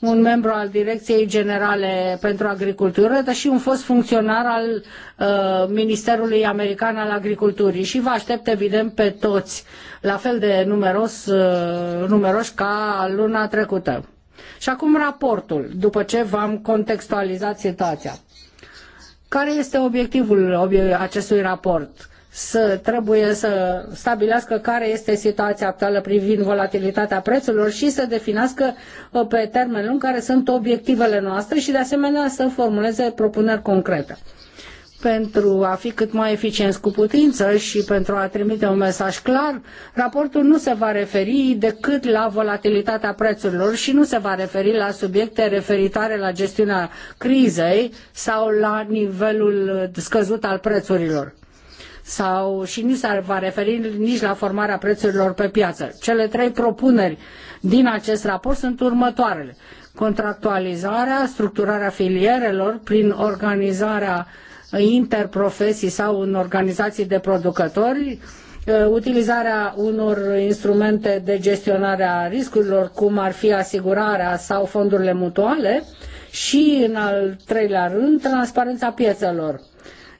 un membru al Direcției Generale pentru Agricultură, dar și un fost funcționar al uh, Ministerului American al Agriculturii. Și vă aștept, evident, pe toți, la fel de numeros, uh, numeroși ca luna trecută. Și acum raportul, după ce v-am contextualizat situația. Care este obiectivul acestui raport? Să trebuie să stabilească care este situația actuală privind volatilitatea prețurilor și să definească uh, pe termen lung care sunt obiectivele noastre și de asemenea să formuleze propuneri concrete pentru a fi cât mai eficienți cu putință și pentru a trimite un mesaj clar, raportul nu se va referi decât la volatilitatea prețurilor și nu se va referi la subiecte referitoare la gestiunea crizei sau la nivelul scăzut al prețurilor sau și nu se va referi nici la formarea prețurilor pe piață. Cele trei propuneri din acest raport sunt următoarele. Contractualizarea, structurarea filierelor prin organizarea uh, interprofesii sau în organizații de producători, uh, utilizarea unor instrumente de gestionare a riscurilor, cum ar fi asigurarea sau fondurile mutuale și, în al treilea rând, transparența piețelor.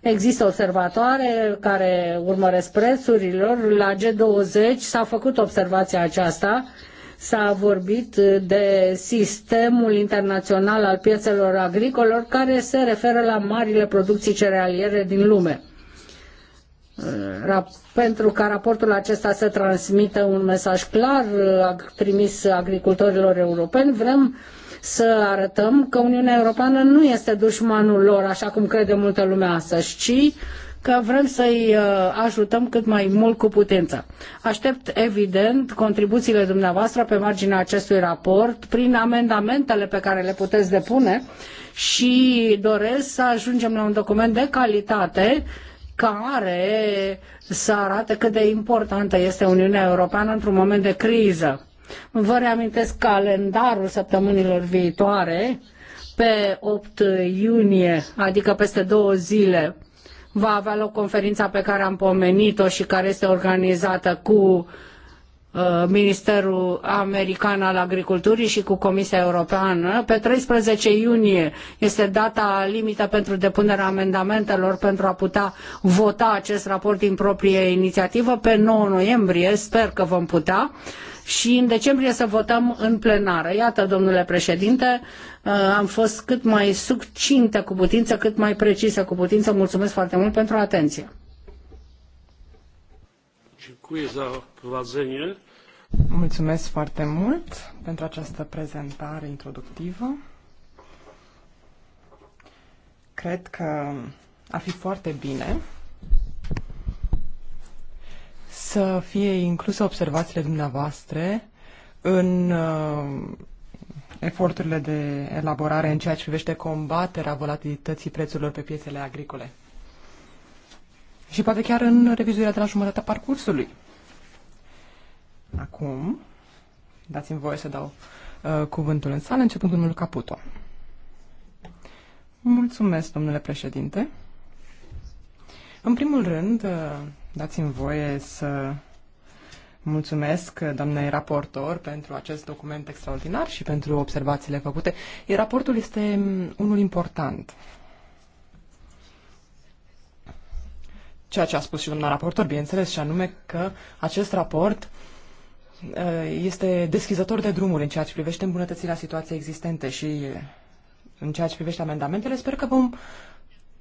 Există observatoare care urmăresc prețurilor. La G20 s-a făcut observația aceasta S-a vorbit uh, de sistemul internațional al piețelor agricolor care se referă la marile producții cerealiere din lume pentru ca raportul acesta să transmită un mesaj clar uh, trimis agricultorilor europeni, vrem să arătăm că Uniunea Europeană nu este dușmanul lor, așa cum crede multă lume astăzi, ci că vrem să-i uh, ajutăm cât mai mult cu putință. Aștept, evident, contribuțiile dumneavoastră pe marginea acestui raport, prin amendamentele pe care le puteți depune și doresc să ajungem la un document de calitate care să arate cât de importantă este Uniunea Europeană într-un moment de criză. Vă reamintesc calendarul săptămânilor viitoare pe 8 iunie, adică peste două zile, va avea loc conferința pe care am pomenit-o și care este organizată cu uh, Ministerul American al Agriculturii și cu Comisia Europeană. Pe 13 iunie este data limită pentru depunerea amendamentelor pentru a putea vota acest raport din proprie inițiativă. Pe 9 noiembrie sper că vom putea. Uh, și în decembrie să votăm în plenară. Iată, domnule președinte, uh, am fost cât mai succintă cu putință, cât mai precisă cu putință. Mulțumesc foarte mult pentru atenție. Mulțumesc foarte mult pentru această prezentare introductivă. Cred că ar fi foarte bine să fie incluse observațiile dumneavoastră în uh, eforturile de elaborare în ceea ce privește combaterea volatilității prețurilor pe piețele agricole. Și poate chiar în revizuirea de la jumătatea parcursului. Acum, dați-mi voie să dau uh, cuvântul în sală, începând cu domnul Caputo. Mulțumesc, domnule președinte. În primul rând, uh, Dați-mi voie să mulțumesc doamnei raportor pentru acest document extraordinar și pentru observațiile făcute. Raportul este mm, unul important. Ceea ce a spus și doamna raportor, bineînțeles, și anume că acest raport eh, este deschizător de drumuri în ceea ce privește îmbunătățirea situației existente și eh, în ceea ce privește amendamentele, sper că vom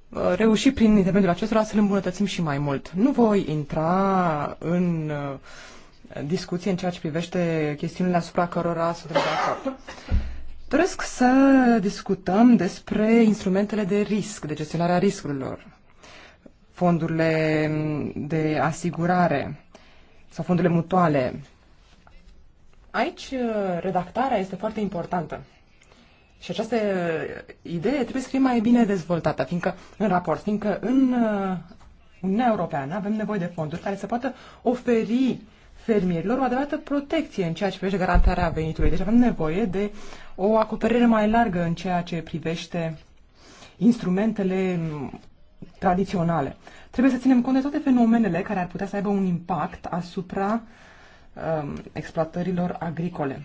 Uh, reuși prin intermediul acestora să le îmbunătățim și mai mult. Nu voi intra în uh, discuție în ceea ce privește chestiunile asupra cărora sunt de acord. Doresc să discutăm despre instrumentele de risc, de gestionarea riscurilor, fondurile de asigurare sau fondurile mutuale. Aici uh, redactarea este foarte importantă. Și această idee trebuie să fie mai bine dezvoltată, fiindcă în raport, fiindcă în uh, Uniunea Europeană avem nevoie de fonduri care să poată oferi fermierilor o adevărată protecție în ceea ce privește garantarea venitului. Deci avem nevoie de o acoperire mai largă în ceea ce privește instrumentele mm, tradiționale. Trebuie să ținem cont de toate fenomenele care ar putea să aibă un impact asupra um, exploatărilor agricole.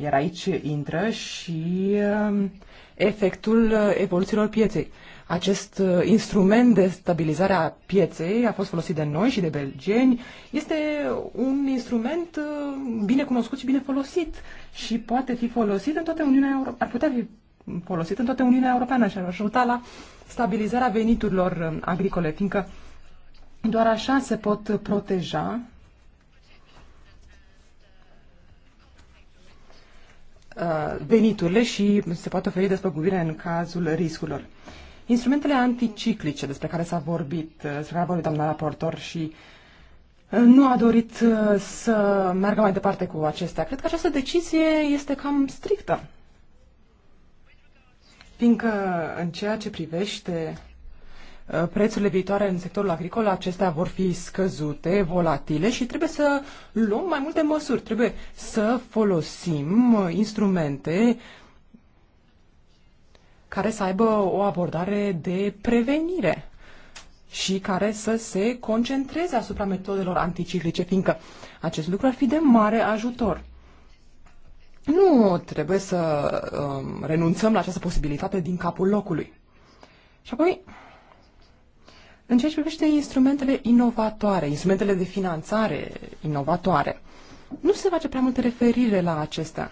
Iar aici intră și um, efectul evoluțiilor pieței. Acest uh, instrument de stabilizare a pieței a fost folosit de noi și de belgeni. Este un instrument uh, bine cunoscut și bine folosit și poate fi folosit în toată Uniunea Europeană. Ar putea fi folosit în toată Uniunea Europeană și ar ajuta la stabilizarea veniturilor um, agricole, fiindcă doar așa se pot proteja Uh, veniturile și se poate oferi despăgubire în cazul riscurilor. Instrumentele anticiclice despre care s-a vorbit, uh, despre care a vorbit doamna raportor și uh, nu a dorit să meargă mai departe cu acestea. Cred că această decizie este cam strictă. Fiindcă în ceea ce privește Uh, prețurile viitoare în sectorul agricol acestea vor fi scăzute, volatile și trebuie să luăm mai multe măsuri. Trebuie să folosim uh, instrumente care să aibă o abordare de prevenire și care să se concentreze asupra metodelor anticiclice, fiindcă acest lucru ar fi de mare ajutor. Nu trebuie să um, renunțăm la această posibilitate din capul locului. Și apoi, în ceea ce privește instrumentele inovatoare, instrumentele de finanțare inovatoare, nu se face prea multă referire la acestea.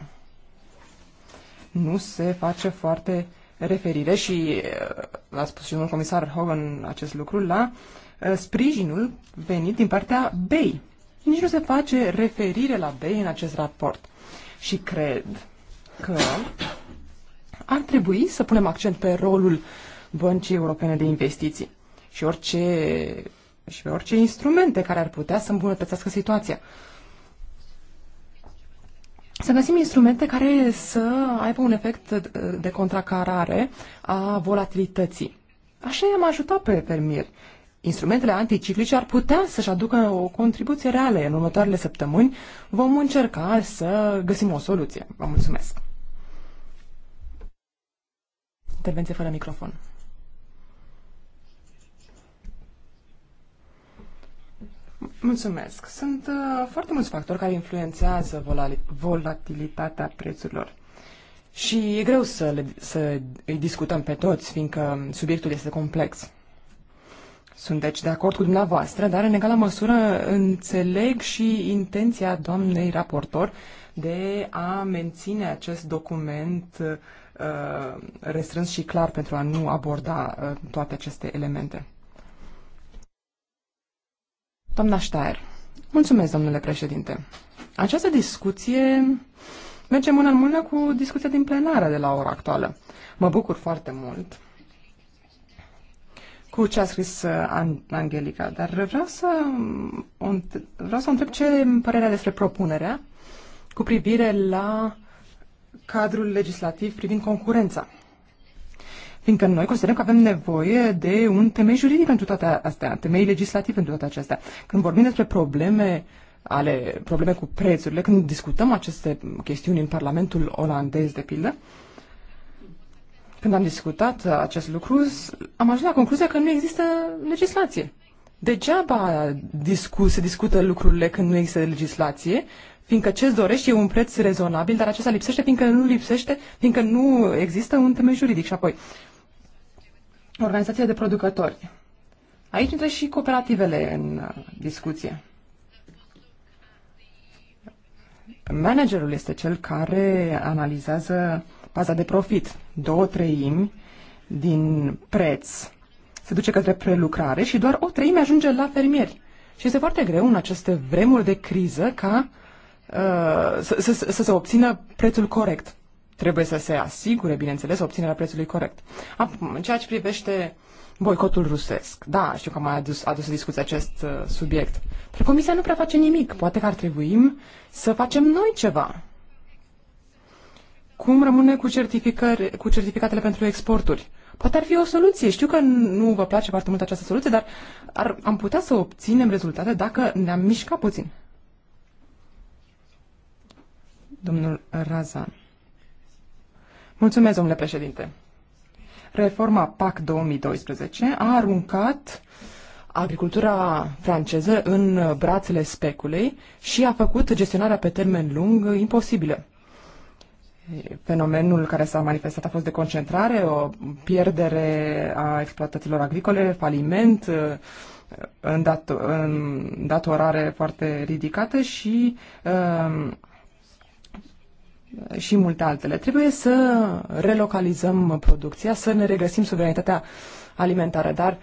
Nu se face foarte referire și uh, a spus și domnul comisar Hogan acest lucru la uh, sprijinul venit din partea BEI. Nici nu se face referire la BEI în acest raport. Și cred că ar trebui să punem accent pe rolul Băncii Europene de Investiții și orice, și orice instrumente care ar putea să îmbunătățească situația. Să găsim instrumente care să aibă un efect de contracarare a volatilității. Așa i-am ajutat pe fermieri. Instrumentele anticiclice ar putea să-și aducă o contribuție reală. În următoarele săptămâni vom încerca să găsim o soluție. Vă mulțumesc! Intervenție fără microfon. Mulțumesc. Sunt uh, foarte mulți factori care influențează volatilitatea prețurilor. Și e greu să, le, să îi discutăm pe toți, fiindcă subiectul este complex. Sunt deci de acord cu dumneavoastră, dar în egală măsură înțeleg și intenția doamnei raportor de a menține acest document uh, restrâns și clar pentru a nu aborda uh, toate aceste elemente. Doamna Steyer. Mulțumesc, domnule președinte. Această discuție merge mână în mână cu discuția din plenară de la ora actuală. Mă bucur foarte mult cu ce a scris uh, Angelica, dar vreau să, vreau să o întreb ce părerea despre propunerea cu privire la cadrul legislativ privind concurența fiindcă noi considerăm că avem nevoie de un temei juridic pentru toate astea, temei legislativ pentru toate acestea. Când vorbim despre probleme ale probleme cu prețurile, când discutăm aceste chestiuni în Parlamentul olandez, de pildă, când am discutat acest lucru, am ajuns la concluzia că nu există legislație. Degeaba discu- se discută lucrurile când nu există legislație, fiindcă ce-ți dorești e un preț rezonabil, dar acesta lipsește fiindcă nu lipsește, fiindcă nu există un temei juridic. Și apoi, Organizația de producători. Aici intră și cooperativele în uh, discuție. Managerul este cel care analizează baza de profit. Două treimi din preț se duce către prelucrare și doar o treime ajunge la fermieri. Și este foarte greu în aceste vremuri de criză ca uh, să, să, să se obțină prețul corect. Trebuie să se asigure, bineînțeles, obținerea prețului corect. Acum, în ceea ce privește boicotul rusesc, da, știu că am mai adus, adus discuția acest uh, subiect, dar Comisia nu prea face nimic. Poate că ar trebui să facem noi ceva. Cum rămâne cu, certificări, cu certificatele pentru exporturi? Poate ar fi o soluție. Știu că nu vă place foarte mult această soluție, dar ar, am putea să obținem rezultate dacă ne-am mișcat puțin. Domnul Razan. Mulțumesc, domnule președinte. Reforma PAC 2012 a aruncat agricultura franceză în brațele speculei și a făcut gestionarea pe termen lung imposibilă. Fenomenul care s-a manifestat a fost de concentrare, o pierdere a exploatațiilor agricole, faliment, datorare foarte ridicată și uh, și multe altele. Trebuie să relocalizăm producția, să ne regăsim suveranitatea alimentară, dar,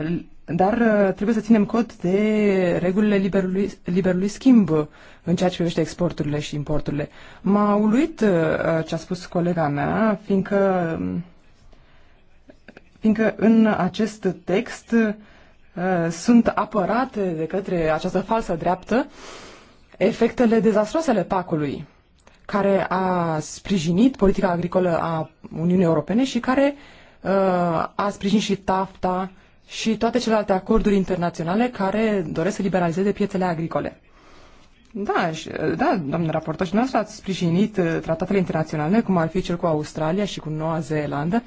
uh, dar uh, trebuie să ținem cont de regulile liberului, liberului schimb în ceea ce privește exporturile și importurile. M-a uluit uh, ce a spus colega mea, fiindcă, fiindcă în acest text sunt apărate de către această falsă dreaptă efectele dezastroase ale pacului care a sprijinit politica agricolă a Uniunii Europene și care uh, a sprijinit și TAFTA și toate celelalte acorduri internaționale care doresc să liberalizeze piețele agricole. Da, și, da, doamnă raportor, și dumneavoastră ați sprijinit uh, tratatele internaționale, cum ar fi cel cu Australia și cu Noua Zeelandă,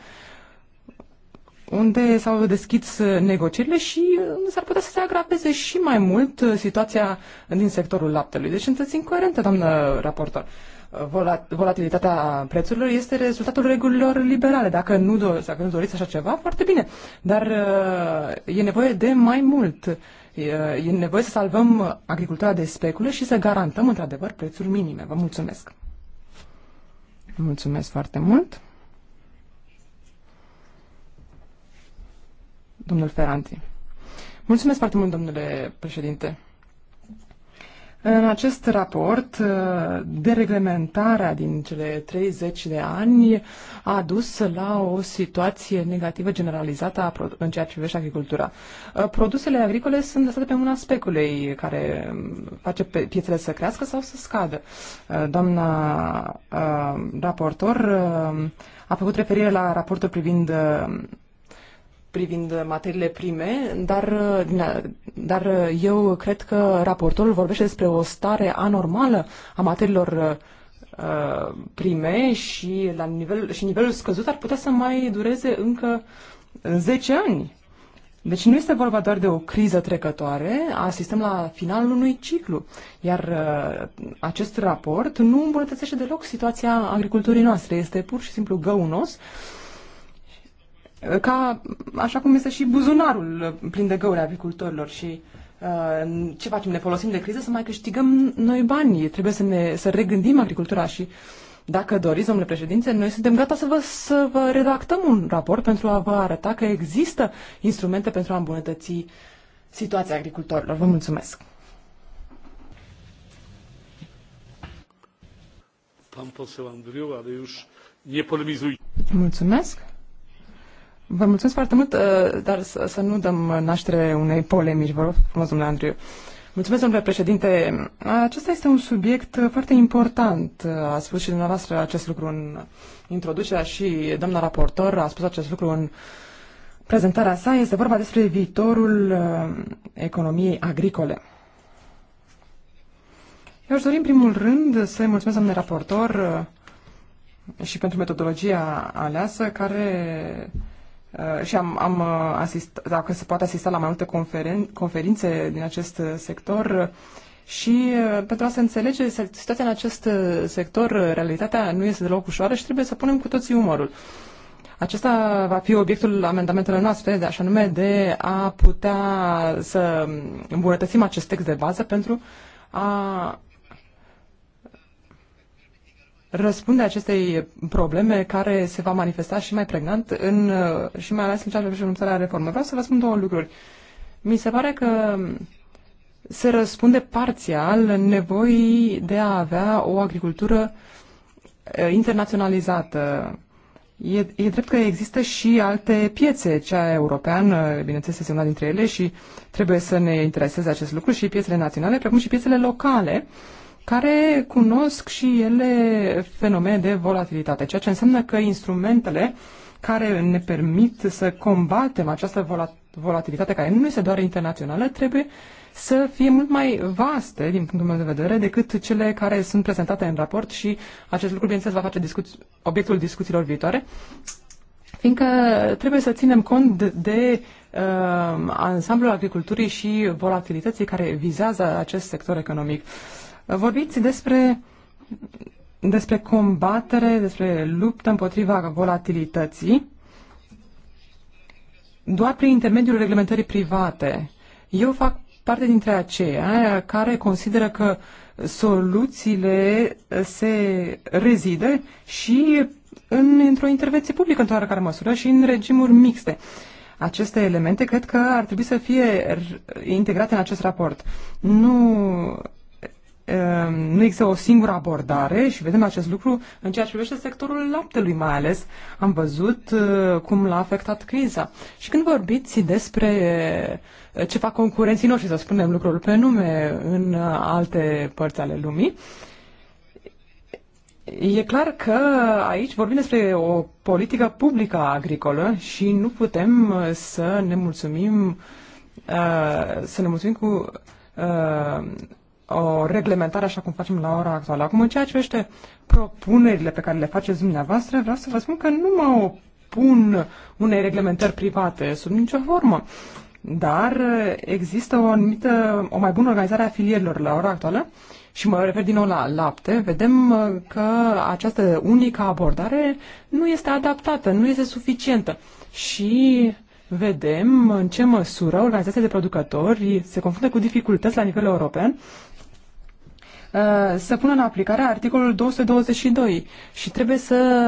unde s-au deschis uh, negocierile și uh, s-ar putea să se agraveze și mai mult situația din sectorul laptelui. Deci sunteți incoerentă, doamnă raportor. Uh, volatilitatea prețurilor este rezultatul regulilor liberale. Dacă nu, do- dacă nu doriți așa ceva, foarte bine. Dar uh, e nevoie de mai mult. Uh, e nevoie să salvăm agricultura de specule și să garantăm, într-adevăr, prețuri minime. Vă mulțumesc! Mulțumesc foarte mult! Domnul Ferranti. Mulțumesc foarte mult, domnule președinte. În acest raport, uh, dereglementarea din cele 30 de ani a dus la o situație negativă generalizată în ceea ce privește agricultura. Uh, produsele agricole sunt lăsate pe mâna speculei, care um, face piețele să crească sau să scadă. Uh, doamna raportor a făcut referire la raportul privind privind materiile prime, dar, dar eu cred că raportorul vorbește despre o stare anormală a materiilor uh, prime și, la nivel, și nivelul scăzut ar putea să mai dureze încă 10 ani. Deci nu este vorba doar de o criză trecătoare, asistăm la finalul unui ciclu, iar uh, acest raport nu îmbunătățește deloc situația agriculturii noastre, este pur și simplu găunos uh, ca, așa cum este și buzunarul plin de găuri agricultorilor și uh, ce facem? Ne folosim de criză să mai câștigăm noi bani. Trebuie să ne să regândim agricultura și dacă doriți, domnule președinte, noi suntem gata să vă, să vă redactăm un raport pentru a vă arăta că există instrumente pentru a îmbunătăți situația agricultorilor. Vă mulțumesc! Pan poseł Andriu, ale już nie polemizujcie. Mulțumesc! Vă mulțumesc foarte mult, uh, dar să, să nu dăm naștere unei polemici, vă rog frumos, domnule Andriu. Mulțumesc, domnule președinte. Acesta este un subiect foarte important. A spus și dumneavoastră acest lucru în introducerea și doamna raportor a spus acest lucru în prezentarea sa. Este vorba despre viitorul uh, economiei agricole. Eu aș dori în primul rând să-i mulțumesc, domnule raportor, uh, și pentru metodologia aleasă, care Uh, și am, am uh, asistat, dacă se poate asista la mai multe conferen- conferințe din acest uh, sector și pentru a se înțelege situația în acest sector, realitatea nu este deloc ușoară și trebuie să punem cu toții umorul. Acesta va fi obiectul amendamentelor noastre, de așa nume, de a putea să îmbunătățim acest text de bază pentru a răspunde acestei probleme care se va manifesta și mai pregnant în, și mai ales în ceea ce privește următoarea reformă. Vreau să vă spun două lucruri. Mi se pare că se răspunde parțial nevoii de a avea o agricultură internaționalizată. E, e drept că există și alte piețe, cea europeană, bineînțeles, este una dintre ele și trebuie să ne intereseze acest lucru și piețele naționale, precum și piețele locale. Uh, care cunosc și ele fenomene de volatilitate, ceea ce înseamnă că instrumentele care ne permit să combatem această volatilitate, care nu este doar internațională, trebuie să fie mult mai vaste, din punctul meu de vedere, decât cele care sunt prezentate în raport și acest lucru, bineînțeles, va face discu obiectul discuțiilor viitoare, fiindcă trebuie să ținem cont de, de uh, ansamblul agriculturii și volatilității care vizează acest sector economic. Uh, Vorbiți despre, despre combatere, despre luptă împotriva volatilității doar prin intermediul reglementării private. Eu fac parte dintre aceia care consideră că soluțiile se rezide și în, într-o intervenție publică, într-o oarecare măsură, și în regimuri mixte. Aceste elemente cred că ar trebui să fie integrate în acest raport. Nu Ehm, nu există o singură abordare și vedem acest lucru în ceea ce privește sectorul laptelui mai ales. Am văzut eh, cum l-a afectat criza. Și când vorbiți despre eh, ce fac concurenții noștri, să spunem lucrul pe nume, în eh, alte părți ale lumii, E clar că aici vorbim despre o politică publică agricolă și nu putem să ne mulțumim să ne mulțumim cu o reglementare așa cum facem la ora actuală. Acum, în ceea ce vește propunerile pe care le faceți dumneavoastră, vreau să vă spun că nu mă opun unei reglementări private sub nicio formă. Dar există o anumită, o mai bună organizare a filierilor la ora actuală și mă refer din nou la lapte, vedem că această unică abordare nu este adaptată, nu este suficientă și vedem în ce măsură organizația de producători se confruntă cu dificultăți la nivel european Uh, să pună în aplicare articolul 222 și trebuie să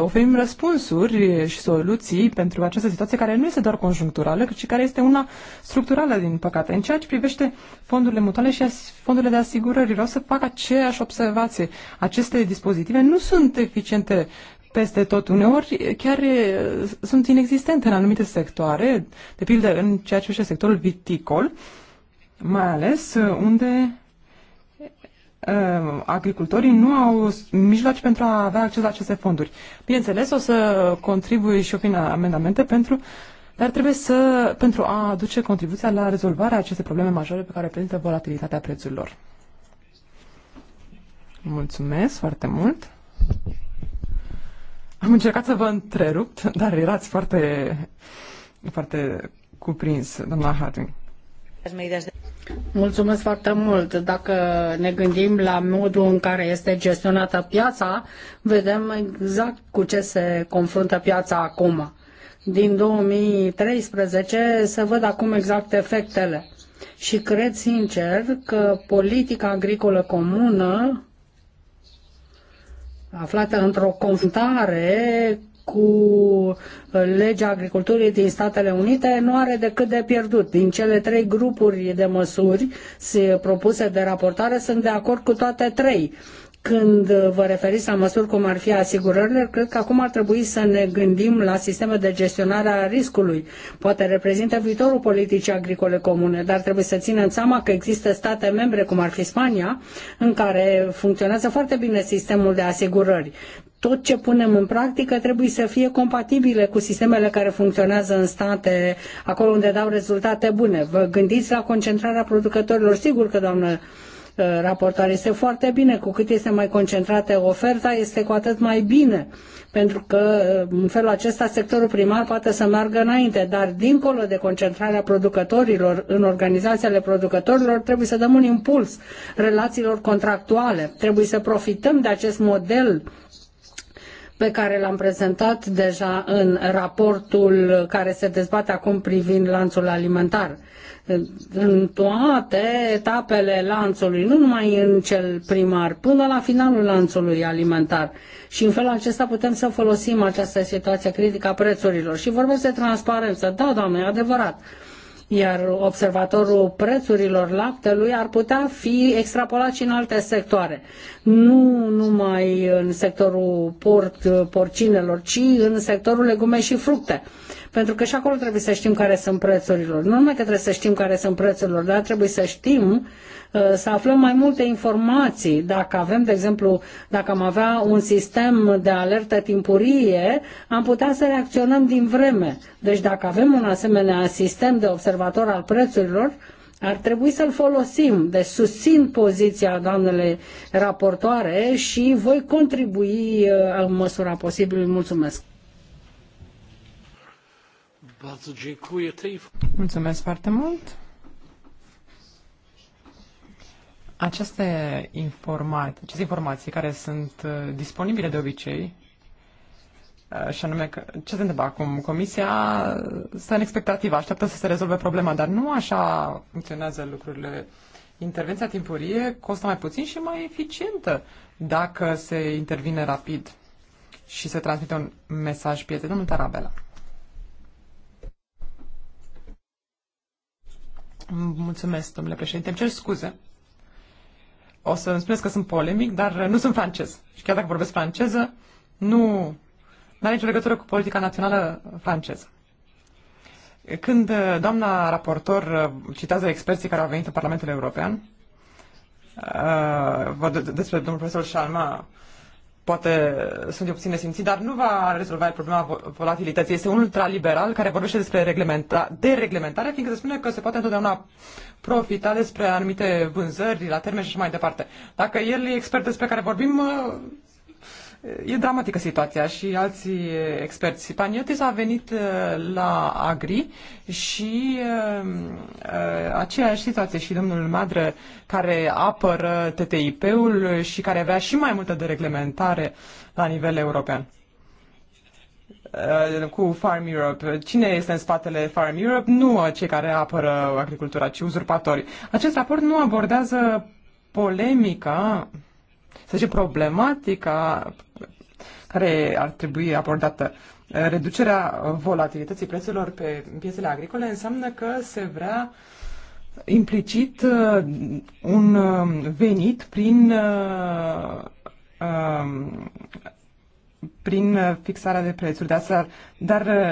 oferim răspunsuri și soluții pentru această situație care nu este doar conjuncturală, ci care este una structurală, din păcate. În ceea ce privește fondurile mutuale și fondurile de asigurări, vreau să fac aceeași observație. Aceste dispozitive nu sunt eficiente peste tot. Uneori chiar uh, sunt inexistente în anumite sectoare, de pildă în ceea ce este sectorul viticol, mai ales uh, unde Uh, agricultorii nu au mijloace pentru a avea acces la aceste fonduri. Bineînțeles, o să contribui și eu prin amendamente pentru dar trebuie să, pentru a aduce contribuția la rezolvarea acestei probleme majore pe care reprezintă volatilitatea prețurilor. Mulțumesc foarte mult. Am încercat să vă întrerupt, dar erați foarte, foarte cuprins, doamna Harding. Mulțumesc foarte mult. Dacă ne gândim la modul în care este gestionată piața, vedem exact cu ce se confruntă piața acum. Din 2013 se văd acum exact efectele. Și cred sincer că politica agricolă comună aflată într-o confruntare cu uh, legea agriculturii din Statele Unite nu are decât de pierdut. Din cele trei grupuri de măsuri propuse de raportare sunt de acord cu toate trei. Când uh, vă referiți la măsuri cum ar fi asigurările, cred că acum ar trebui să ne gândim la sisteme de gestionare a riscului. Poate reprezintă viitorul politicii agricole comune, dar trebuie să ținem seama că există state membre, cum ar fi Spania, în care funcționează foarte bine sistemul de asigurări tot ce punem în practică trebuie să fie compatibile cu sistemele care funcționează în state, acolo unde dau rezultate bune. Vă gândiți la concentrarea producătorilor? Sigur că, doamnă uh, raportare. Este foarte bine, cu cât este mai concentrată oferta, este cu atât mai bine, pentru că uh, în felul acesta sectorul primar poate să meargă înainte, dar dincolo de concentrarea producătorilor în organizațiile producătorilor, trebuie să dăm un impuls relațiilor contractuale, trebuie să profităm de acest model pe care l-am prezentat deja în raportul care se dezbate acum privind lanțul alimentar. În toate etapele lanțului, nu numai în cel primar, până la finalul lanțului alimentar. Și în felul acesta putem să folosim această situație critică a prețurilor. Și vorbesc de transparență. Da, doamne, e adevărat iar observatorul prețurilor laptelui ar putea fi extrapolat și în alte sectoare. Nu numai în sectorul port, porcinelor, ci în sectorul legume și fructe. Pentru că și acolo trebuie să știm care sunt prețurile. Nu numai că trebuie să știm care sunt prețurile, dar trebuie să știm Uh, să aflăm mai multe informații. Dacă avem, de exemplu, dacă am avea un sistem de alertă timpurie, am putea să reacționăm din vreme. Deci dacă avem un asemenea sistem de observator al prețurilor, ar trebui să-l folosim. Deci susțin poziția doamnele raportoare și voi contribui uh, în măsura posibilă Mulțumesc! Mulțumesc foarte mult! Aceste informații, aceste informații care sunt uh, disponibile de obicei, uh, și anume, ce se întâmplă acum? Comisia stă în expectativă, așteaptă să se rezolve problema, dar nu așa funcționează lucrurile. Intervenția timpurie costă mai puțin și mai eficientă dacă se intervine rapid și se transmite un mesaj pieței. Domnul Tarabela. Mulțumesc, domnule președinte. Îmi cer scuze o să îmi spuneți că sunt polemic, dar nu sunt francez. Și chiar dacă vorbesc franceză, nu are nicio legătură cu politica națională franceză. Când uh, doamna raportor uh, citează experții care au venit în Parlamentul European, uh, despre domnul profesor Chalma, poate sunt eu puțin nesimțit, dar nu va rezolva problema volatilității. Este un ultraliberal care vorbește despre reglementa- dereglementare, fiindcă se spune că se poate întotdeauna profita despre anumite vânzări la termen și așa mai departe. Dacă el e expert despre care vorbim, E dramatică situația și alții experți. Paniotis a venit uh, la Agri și um, uh, aceeași situație și domnul Madră care apără TTIP-ul și care avea și mai multă de reglementare la nivel european uh, cu Farm Europe. Cine este în spatele Farm Europe? Nu cei care apără agricultura, ci uzurpatori. Acest raport nu abordează polemica, să zicem problematica care ar trebui abordată. Reducerea volatilității prețurilor pe piețele agricole înseamnă că se vrea implicit uh, un uh, venit prin, uh, um, prin fixarea de prețuri. dar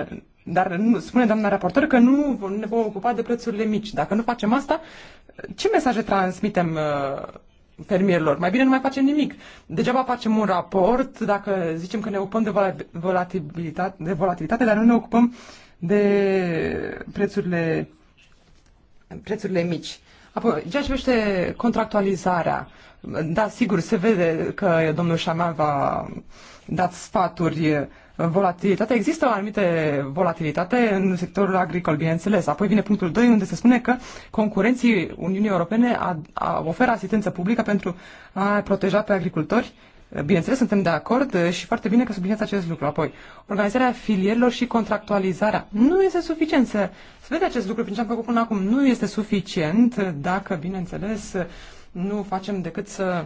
dar nu, spune doamna raportor că nu ne vom ocupa de prețurile mici. Dacă nu facem asta, ce mesaje transmitem fermierilor. Mai bine nu mai facem nimic. Degeaba facem un raport dacă zicem că ne ocupăm de volatilitate, de volatilitate dar nu ne ocupăm de prețurile, prețurile mici. Apoi, ceea ce vește contractualizarea, da, sigur, se vede că domnul Șaman va dat sfaturi volatilitate. Există o anumită volatilitate în sectorul agricol, bineînțeles. Apoi vine punctul 2, unde se spune că concurenții Uniunii Europene a, a, oferă asistență publică pentru a proteja pe agricultori. Bineînțeles, suntem de acord și foarte bine că subliniați acest lucru. Apoi, organizarea filierilor și contractualizarea. Nu este suficient să, să vede acest lucru prin ce am făcut până acum. Nu este suficient dacă, bineînțeles, nu facem decât să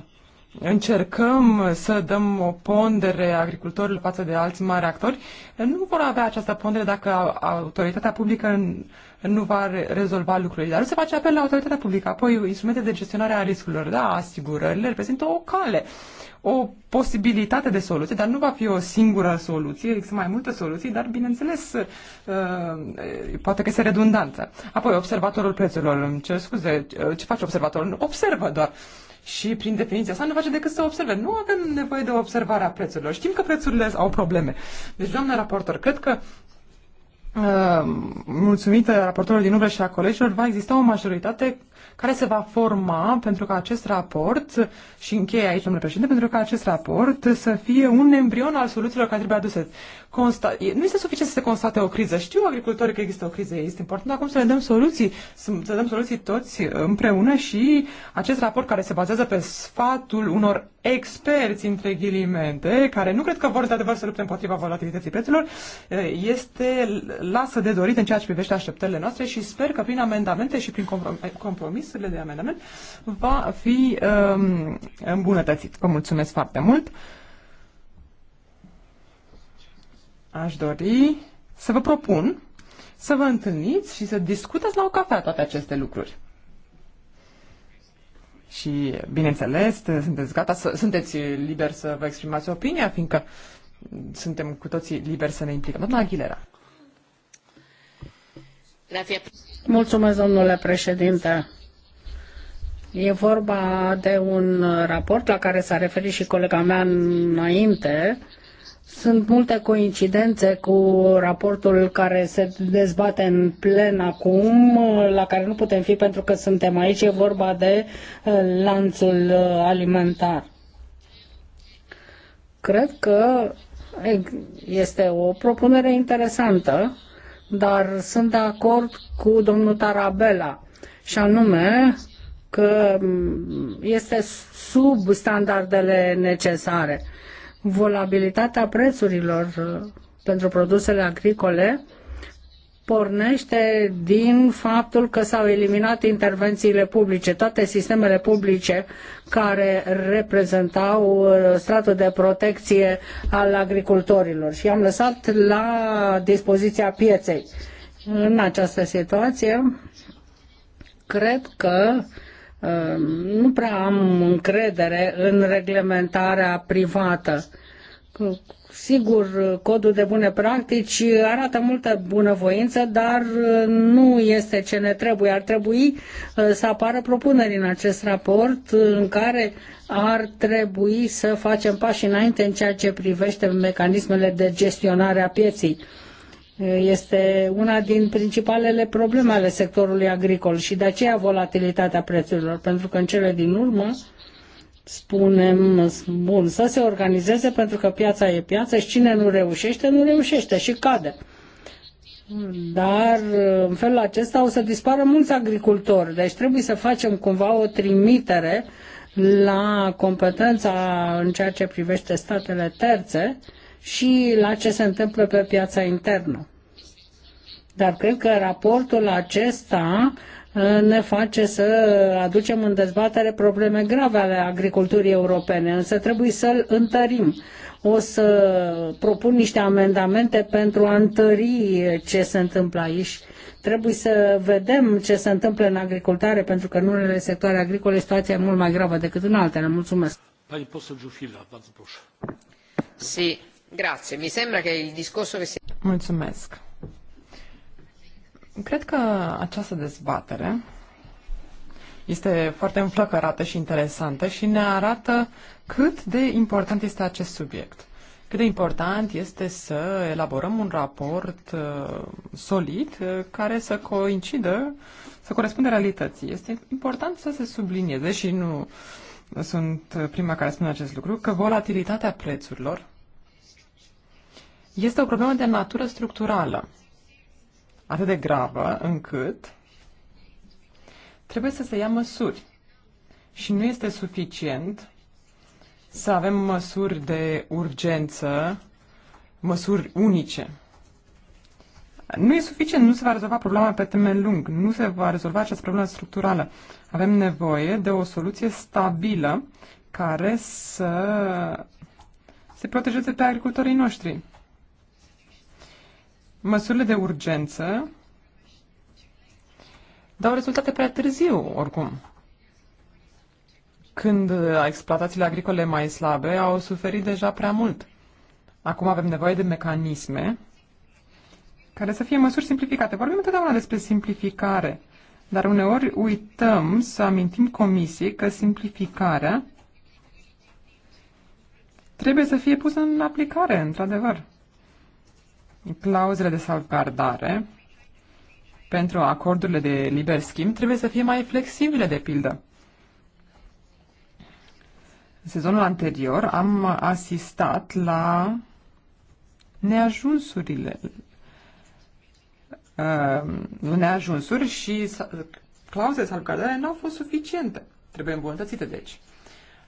încercăm să dăm o pondere agricultorilor față de alți mari actori, nu vor avea această pondere dacă autoritatea publică nu va rezolva lucrurile. Dar nu se face apel la autoritatea publică. Apoi, instrumente de gestionare a riscurilor, da, asigurările reprezintă o cale o posibilitate de soluție, dar nu va fi o singură soluție, există mai multe soluții, dar bineînțeles uh, uh, poate că este redundantă. Apoi, observatorul prețurilor, îmi cer scuze, uh, ce face observatorul? Observă doar. Și prin definiția asta nu face decât să observe. Nu avem nevoie de observarea prețurilor. Știm că prețurile au probleme. Deci, doamnă raportor, cred că mulțumită raportorului din umbră și a colegilor, va exista o majoritate care se va forma pentru că acest raport, și încheie aici, domnule președinte, pentru că acest raport să fie un embrion al soluțiilor care trebuie aduse. Consta- nu este suficient să se constate o criză. Știu agricultorii că există o criză, este important acum să le dăm soluții, să, să dăm soluții toți împreună și acest raport care se bazează pe sfatul unor experți, între ghilimente, care nu cred că vor de adevăr să lupte împotriva volatilității prețurilor, este lasă de dorit în ceea ce privește așteptările noastre și sper că prin amendamente și prin comprom- comprom- compromisurile de amendament va fi um, îmbunătățit. Vă mulțumesc foarte mult! Aș dori să vă propun să vă întâlniți și să discutați la o cafea toate aceste lucruri. Și, bineînțeles, sunteți gata să, sunteți liberi să vă exprimați opinia, fiindcă suntem cu toții liberi să ne implicăm. Doamna Aguilera. Mulțumesc, domnule președinte. E vorba de un raport la care s-a referit și colega mea înainte. Sunt multe coincidențe cu raportul care se dezbate în plen acum, la care nu putem fi pentru că suntem aici. E vorba de uh, lanțul uh, alimentar. Cred că este o propunere interesantă, dar sunt de acord cu domnul Tarabella, și anume că mm, este sub standardele necesare. Volabilitatea prețurilor uh, pentru produsele agricole pornește din faptul că s-au eliminat intervențiile publice, toate sistemele publice care reprezentau uh, stratul de protecție al agricultorilor și am lăsat la dispoziția pieței. În această situație, cred că uh, Ehm, nu prea am încredere în reglementarea privată. Sigur, codul de bune practici arată multă bunăvoință, dar eh, nu este ce ne trebuie. Ar trebui eh, să apară propuneri în acest raport eh, în care ar trebui să facem pași înainte în ceea ce privește mecanismele de gestionare a pieței este una din principalele probleme ale sectorului agricol și de aceea volatilitatea prețurilor, pentru că în cele din urmă spunem, bun, să se organizeze pentru că piața e piață și cine nu reușește, nu reușește și cade. Dar în felul acesta o să dispară mulți agricultori, deci trebuie să facem cumva o trimitere la competența în ceea ce privește statele terțe, uh, și la ce se întâmplă pe piața internă. Dar cred că raportul acesta uh, ne face să aducem în dezbatere probleme grave ale agriculturii europene, însă trebuie să-l întărim. O să propun niște amendamente pentru a întări ce se întâmplă aici. Trebuie să vedem ce se întâmplă în agricultare, pentru că în unele sectoare agricole situația e mult mai gravă decât în altele. Mulțumesc. Pani poseł Giufila, bardzo proszę. Si. Grazie. Mi sembra che il discorso che si... Mulțumesc. Cred că această dezbatere este foarte înflăcărată și interesantă și ne arată cât de important este acest subiect. Cât de important este să elaborăm un raport uh, solid uh, care să coincidă, să corespundă realității. Este important să se sublinieze și nu sunt prima care spune acest lucru, că volatilitatea prețurilor este o problemă de natură structurală, atât de gravă încât trebuie să se ia măsuri. Și nu este suficient să avem măsuri de urgență, măsuri unice. Nu e suficient, nu se va rezolva problema pe termen lung, nu se va rezolva această problemă structurală. Avem nevoie de o soluție stabilă care să se protejeze pe agricultorii noștri. Măsurile de urgență dau rezultate prea târziu, oricum. Când uh, exploatațiile agricole mai slabe au suferit deja prea mult. Acum avem nevoie de mecanisme care să fie măsuri simplificate. Vorbim întotdeauna despre simplificare, dar uneori uităm să amintim comisiei că simplificarea trebuie să fie pusă în aplicare, într-adevăr clauzele de salvgardare pentru acordurile de liber schimb trebuie să fie mai flexibile, de pildă. În sezonul anterior am asistat la neajunsurile uh, neajunsuri și clauzele de salvgardare nu au fost suficiente. Trebuie îmbunătățite, deci.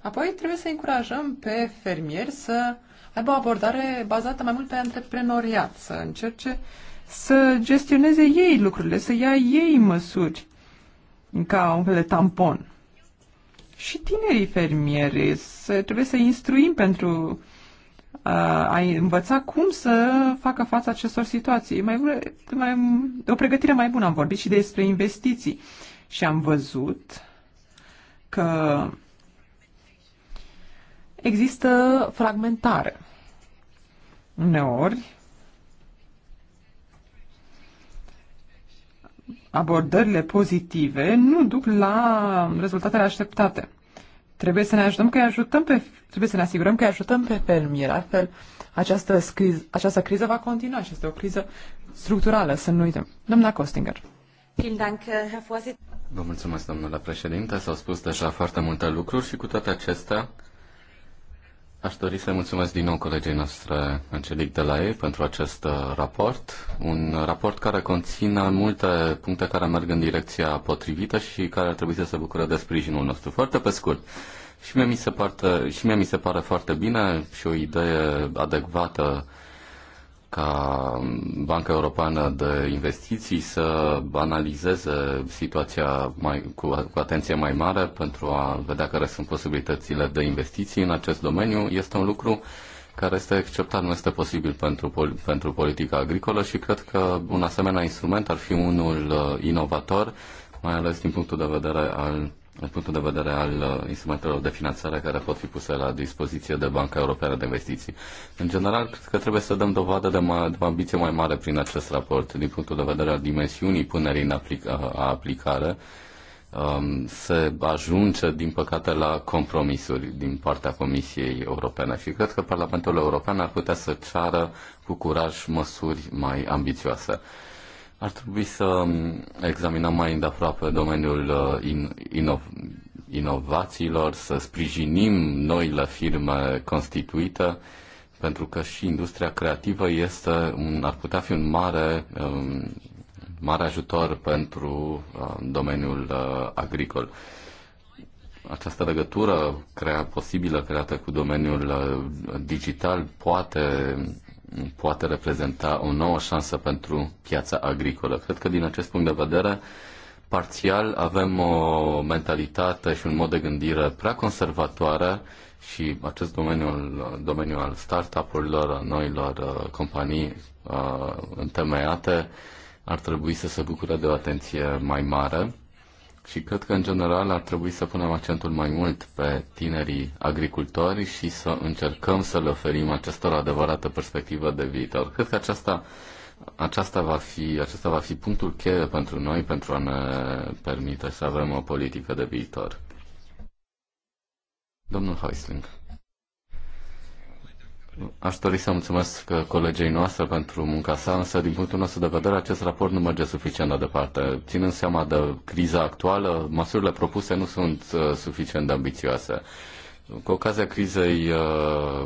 Apoi trebuie să încurajăm pe fermieri să aibă o abordare bazată mai mult pe antreprenoriat, să încerce să gestioneze ei lucrurile, să ia ei măsuri ca un fel de tampon. Și tinerii fermieri să, trebuie să instruim pentru a învăța cum să facă față acestor situații. Mai, mai, o pregătire mai bună am vorbit și despre investiții. Și am văzut că există fragmentare. Uneori, abordările pozitive nu duc la rezultatele așteptate. Trebuie să ne ajutăm că ajutăm pe, trebuie să ne asigurăm că ajutăm pe fermieri. Altfel, această, scriz, această criză va continua și este o criză structurală, să nu uităm. Doamna Costinger. Vă mulțumesc, domnule președinte. S-au spus deja foarte multe lucruri și cu toate acestea Aș dori să mulțumesc din nou colegii noastre Angelic de la ei pentru acest uh, raport, un raport care conține multe puncte care merg în direcția potrivită și care ar trebui să se bucure de sprijinul nostru. Foarte pe scurt, și mie mi se, parte, și mie mi se pare foarte bine și o idee adecvată ca Banca Europeană de Investiții să analizeze situația mai, cu, cu atenție mai mare pentru a vedea care sunt posibilitățile de investiții în acest domeniu este un lucru care este acceptat, nu este posibil pentru, pentru politica agricolă și cred că un asemenea instrument ar fi unul uh, inovator, mai ales din punctul de vedere al din punctul de vedere al uh, instrumentelor de finanțare care pot fi puse la dispoziție de Banca Europeană de Investiții. În general, cred că trebuie să dăm dovadă de, ma- de ambiție mai mare prin acest raport, din punctul de vedere al dimensiunii punerii în aplic- a aplicare, um, se ajunge, din păcate, la compromisuri din partea Comisiei Europene și cred că Parlamentul European ar putea să ceară cu curaj măsuri mai ambițioase. Ar trebui să um, examinăm mai îndeaproape domeniul uh, in, inovațiilor, să sprijinim noile firme constituite, pentru că și industria creativă este un, ar putea fi un mare, um, mare ajutor pentru um, domeniul uh, agricol. Această legătură crea, posibilă creată cu domeniul uh, digital poate poate reprezenta o nouă șansă pentru piața agricolă. Cred că din acest punct de vedere, parțial avem o mentalitate și un mod de gândire prea conservatoare și acest domeniu, domeniu al startup-urilor, noilor uh, companii uh, întemeiate, ar trebui să se bucure de o atenție mai mare și cred că, în general, ar trebui să punem accentul mai mult pe tinerii agricultori și să încercăm să le oferim acestor adevărată perspectivă de viitor. Cred că aceasta, aceasta, va fi, acesta va fi punctul cheie pentru noi pentru a ne permite să avem o politică de viitor. Domnul Heusling. Aș dori să mulțumesc colegei noastre pentru munca sa, însă din punctul nostru de vedere acest raport nu merge suficient de departe. Ținând seama de criza actuală, măsurile propuse nu sunt uh, suficient de ambițioase. Cu ocazia crizei uh,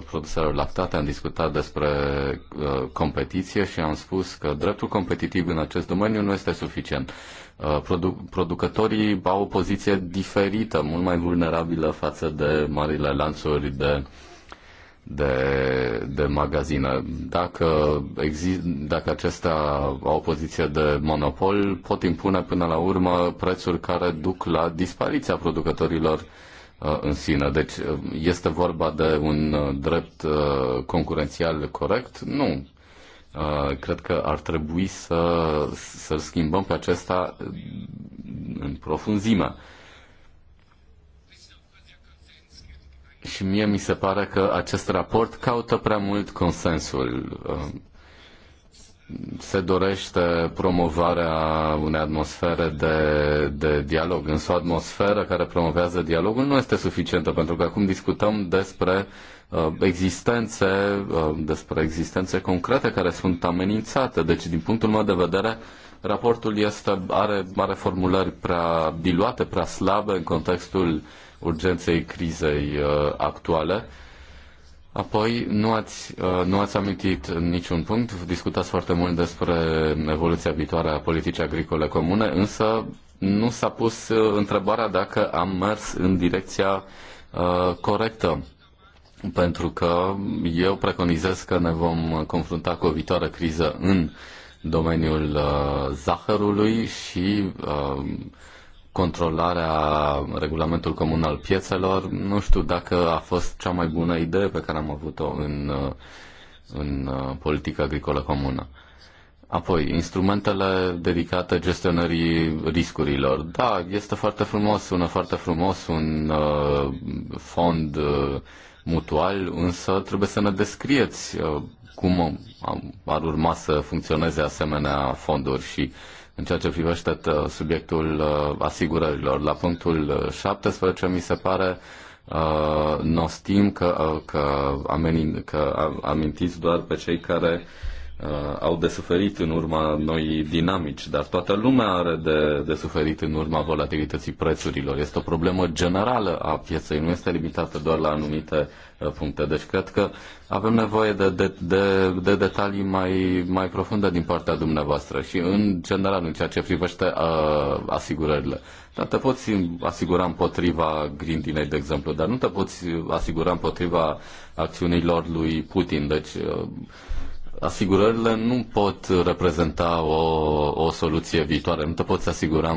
produselor lactate am discutat despre uh, competiție și am spus că dreptul competitiv în acest domeniu nu este suficient. Uh, produ- producătorii au o poziție diferită, mult mai vulnerabilă față de marile lanțuri de uh, de, de magazine. Dacă, exist, dacă acestea au o poziție de monopol, pot impune până la urmă prețuri care duc la dispariția producătorilor uh, în sine. Deci uh, este vorba de un uh, drept concurențial corect? Nu. Cred că ar trebui să, să schimbăm pe acesta în profunzime. și mie mi se pare că acest raport caută prea mult consensul. Uh, se dorește promovarea unei atmosfere de, de dialog, însă o atmosferă care promovează dialogul nu este suficientă, pentru că acum discutăm despre uh, existențe, uh, despre existențe concrete care sunt amenințate. Deci, din punctul meu de vedere, raportul este, are, are formulări prea diluate, prea slabe în contextul urgenței crizei uh, actuale Apoi, nu ați, uh, nu ați amintit niciun punct, discutați foarte mult despre evoluția viitoare a politicii agricole comune, însă nu s-a pus uh, întrebarea dacă am mers în direcția uh, corectă. Pentru că eu preconizez că ne vom confrunta cu o viitoare criză în domeniul uh, zahărului și uh, controlarea regulamentul comun al piețelor. Nu știu dacă a fost cea mai bună idee pe care am avut-o în, în uh, politica agricolă comună. Apoi, instrumentele dedicate gestionării riscurilor. Da, este foarte frumos, sună foarte frumos un uh, fond uh, mutual, însă trebuie să ne descrieți uh, cum ar urma să funcționeze asemenea fonduri și uh, în ceea ce privește uh, subiectul uh, asigurărilor. La punctul 17 uh, mi se pare uh, nostim că, că, amenin, că amintiți doar pe cei care uh, Uh, au de suferit în urma noi dinamici, dar toată lumea are de, de suferit în urma volatilității prețurilor. Este o problemă generală a pieței, nu este limitată doar la anumite uh, puncte. Deci cred că avem nevoie de, de, de, de detalii mai, mai profunde din partea dumneavoastră și în general în ceea ce privește uh, asigurările. Dar te poți asigura împotriva grindinei, de exemplu, dar nu te poți asigura împotriva acțiunilor lui Putin. Deci uh, asigurările nu pot reprezenta o, o soluție viitoare, nu te poți asigura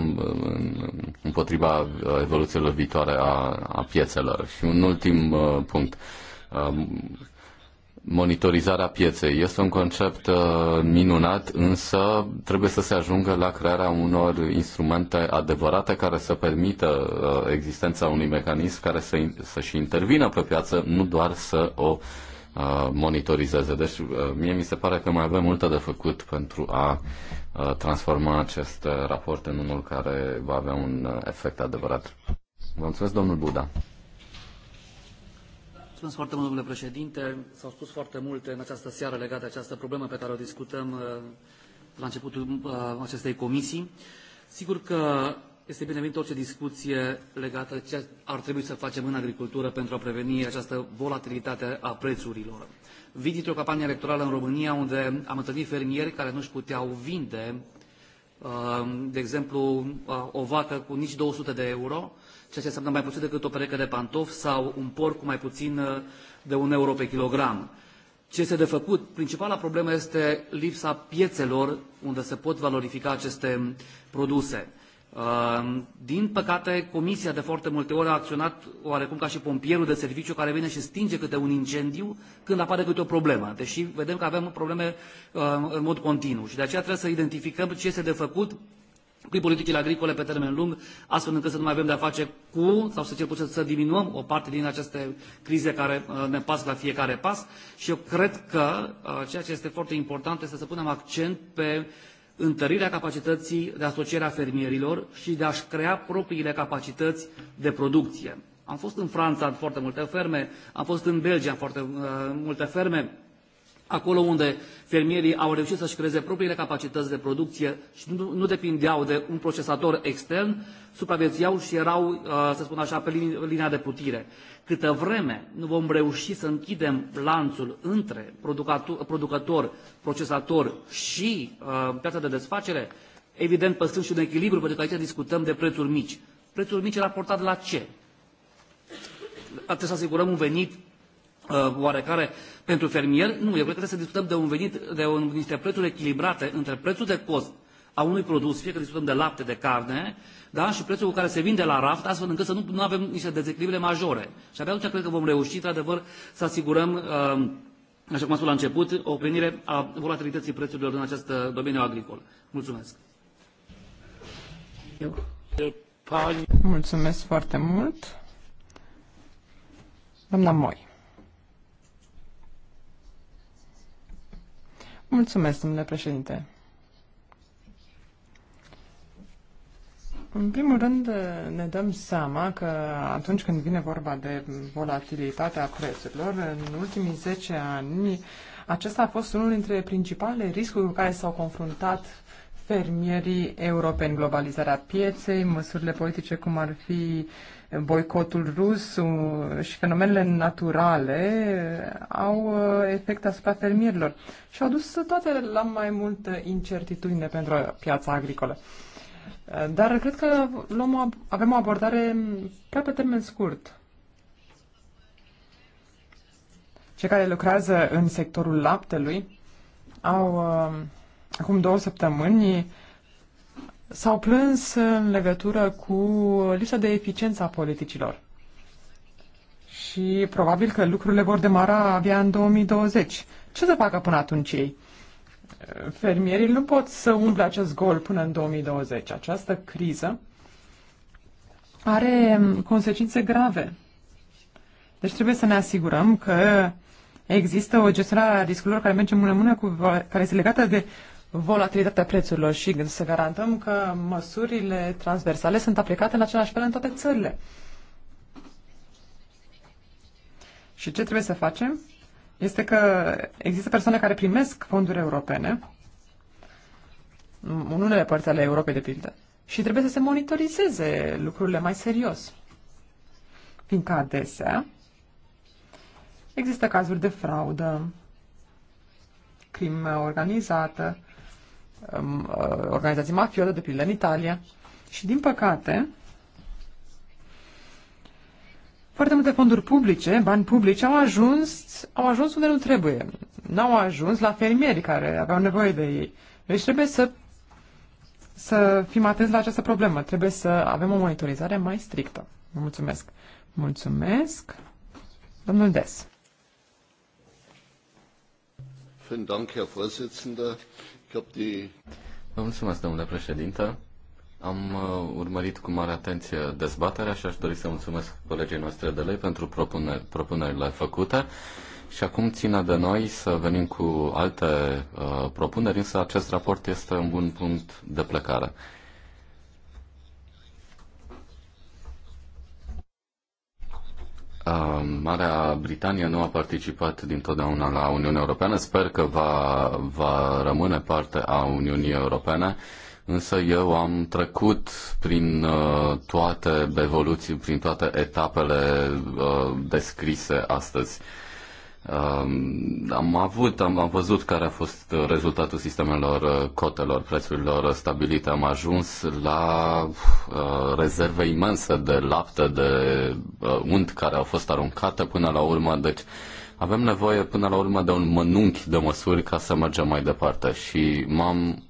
împotriva evoluțiilor viitoare a, a piețelor. Și un ultim uh, punct. Um, monitorizarea pieței este un concept uh, minunat, însă trebuie să se ajungă la crearea unor instrumente adevărate care să permită uh, existența unui mecanism care să, să și intervină pe piață, nu doar să o uh, Uh, monitorizeze. Deci uh, mie mi se pare că mai avem multă de făcut pentru a uh, transforma acest raport în unul care va avea un efect adevărat. Vă mulțumesc, domnul Buda. Mulțumesc foarte mult, domnule președinte. S-au spus foarte multe în această seară legate de această problemă pe care o discutăm la începutul acestei comisii. Sigur că este binevenit orice discuție legată de ce ar trebui să facem în agricultură pentru a preveni această volatilitate a prețurilor. Vin dintr-o campanie electorală în România unde am întâlnit fermieri care nu-și puteau vinde, uh, de exemplu, uh, o vacă cu nici 200 de euro, ceea ce înseamnă mai puțin decât o pereche de pantofi sau un porc cu mai puțin uh, de un euro pe kilogram. Ce este de făcut? Principala problemă este lipsa piețelor unde se pot valorifica aceste produse. Ehm, din păcate, Comisia de foarte multe ori a acționat oarecum ca și pompierul de serviciu care vine și stinge câte un incendiu când apare câte o problemă, deși vedem că avem probleme ehm, în mod continuu și de aceea trebuie să identificăm ce este de făcut cu politicile agricole pe termen lung, astfel încât să nu mai avem de-a face cu, sau să cel puțin să diminuăm o parte din aceste crize care ehm, ne pas la fiecare pas. Și eu cred că ceea ce este foarte important este să punem accent pe întărirea capacității de asociere a fermierilor și de a-și crea propriile capacități de producție. Am fost în Franța în foarte multe ferme, am fost în Belgia în foarte uh, multe ferme, acolo unde fermierii au reușit să-și creeze propriile capacități de producție și nu, nu depindeau de un procesator extern, supraviețuiau și erau, uh, să spun așa, pe linia de putire. Câtă vreme nu vom reuși să închidem lanțul între producător, procesator și uh, piața de desfacere, evident păstrând și un echilibru, pentru că aici discutăm de prețuri mici. Prețuri mici raportat la ce? Trebuie să asigurăm un venit Uh, oarecare pentru fermier. Nu, eu cred că trebuie să discutăm de, un venit, de un, niște prețuri echilibrate între prețul de cost a unui produs, fie că discutăm de lapte, de carne, da? și prețul cu care se vinde la raft, astfel încât să nu, nu avem niște dezechilibre majore. Și abia atunci cred că vom reuși, într-adevăr, să asigurăm, uh, așa cum am spus la început, o plenire a volatilității prețurilor în acest uh, domeniu agricol. Mulțumesc! Mulțumesc foarte mult! Doamna Moi. Mulțumesc, domnule președinte. În primul rând, ne dăm seama că atunci când vine vorba de volatilitatea prețurilor, în ultimii 10 ani, acesta a fost unul dintre principalele riscuri cu care s-au confruntat fermierii europeni, globalizarea pieței, măsurile politice cum ar fi boicotul rus uh, și fenomenele naturale uh, au uh, efect asupra fermierilor și au dus toate la mai multă incertitudine pentru piața agricolă. Dar cred că luăm o, avem o abordare mm, prea pe termen scurt. Cei care lucrează în sectorul laptelui au acum două săptămâni s-au plâns în legătură cu lipsa de eficiență a politicilor. Și probabil că lucrurile vor demara abia în 2020. Ce să facă până atunci ei? Fermierii nu pot să umple acest gol până în 2020. Această criză are consecințe grave. Deci trebuie să ne asigurăm că există o gestionare a riscurilor care merge mână-mână cu, care este legată de volatilitatea prețurilor și să garantăm că măsurile transversale sunt aplicate în același fel în toate țările. Și ce trebuie să facem este că există persoane care primesc fonduri europene, în unele părți ale Europei de pildă, și trebuie să se monitorizeze lucrurile mai serios. Fiindcă adesea există cazuri de fraudă, crimă organizată um, uh, organizații mafiote, de pildă în Italia. Și din păcate, foarte multe fonduri publice, bani publici, au ajuns, au ajuns unde nu trebuie. N-au ajuns la fermieri care aveau nevoie de ei. Deci trebuie să, să fim atenți la această problemă. Trebuie să avem o monitorizare mai strictă. Mulțumesc. Mulțumesc. Domnul Des. Vielen Dank, Herr Vorsitzender. Vă mulțumesc, domnule președinte. Am uh, urmărit cu mare atenție dezbaterea și aș dori să mulțumesc colegii noastre de lei pentru propuneri, propunerile făcute. Și acum ține de noi să venim cu alte uh, propuneri, însă acest raport este un bun punct de plecare. Marea Britanie nu a participat dintotdeauna la Uniunea Europeană. Sper că va, va rămâne parte a Uniunii Europene. Însă eu am trecut prin uh, toate evoluții, prin toate etapele uh, descrise astăzi am avut, am, am văzut care a fost rezultatul sistemelor uh, cotelor, prețurilor stabilite. Am ajuns la uh, rezerve imense de lapte, de uh, unt care au fost aruncate până la urmă. Deci avem nevoie până la urmă de un mănunchi de măsuri ca să mergem mai departe. Și m-am,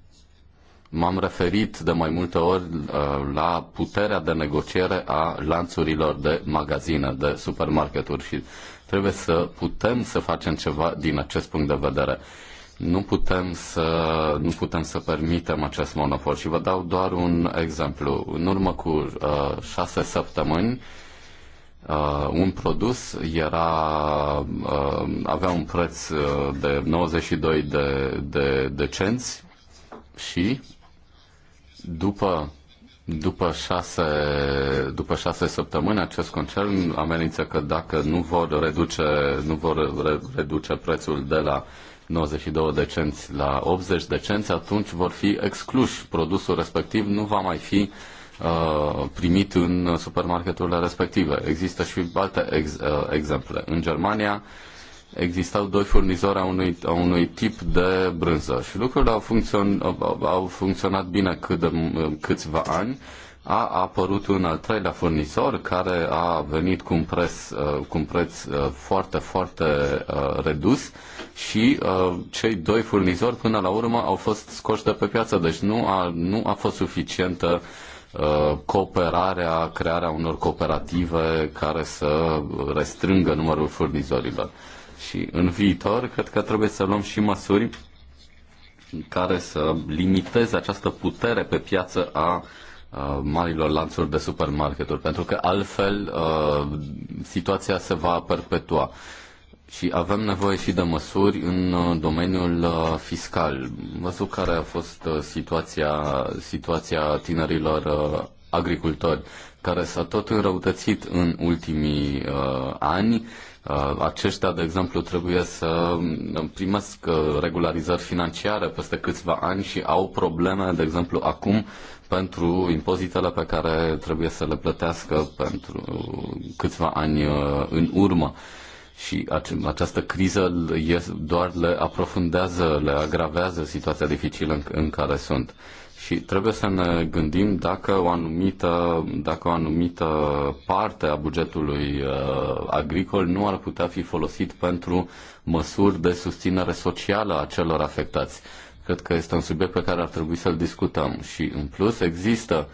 m-am referit de mai multe ori uh, la puterea de negociere a lanțurilor de magazine, de supermarketuri și Trebuie să putem să facem ceva din acest punct de vedere. Nu putem să, nu putem să permitem acest monopol. Și vă dau doar un exemplu. În urmă cu uh, șase săptămâni, uh, un produs era, uh, avea un preț uh, de 92 de, de, de cenți și după după șase, după șase săptămâni, acest concern amenință că dacă nu vor reduce, nu vor re, reduce prețul de la 92 de cenți la 80 de cenți, atunci vor fi excluși. Produsul respectiv nu va mai fi uh, primit în supermarketurile respective. Există și alte ex, uh, exemple. În Germania, uh, existau doi furnizori a unui, a unui tip de brânză și lucrurile au, funcțion, au, funcționat bine cât de, câțiva ani. A apărut un al treilea furnizor care a venit cu un, pres, uh, cu un preț uh, foarte, foarte uh, redus și cei doi furnizori până la urmă au fost scoși de pe piață, deci nu a, nu a fost suficientă cooperarea, crearea unor cooperative care să restrângă numărul furnizorilor. Și în viitor, cred că trebuie să luăm și măsuri care să limiteze această putere pe piață a marilor lanțuri de supermarketuri, pentru că altfel situația se va perpetua. Și avem nevoie și de măsuri în domeniul fiscal. Văzut care a fost situația, situația tinerilor agricultori care s-a tot înrăutățit în ultimii uh, ani. Uh, aceștia, de exemplu, trebuie să uh, primesc uh, regularizări financiare peste câțiva ani și au probleme, de exemplu, acum pentru impozitele pe care trebuie să le plătească pentru câțiva ani uh, în urmă. Și această criză doar le aprofundează, le agravează situația dificilă în, care sunt și trebuie să ne gândim dacă o anumită, dacă o anumită parte a bugetului uh, agricol nu ar putea fi folosit pentru măsuri de susținere socială a celor afectați. Cred că este un subiect pe care ar trebui să-l discutăm și în plus există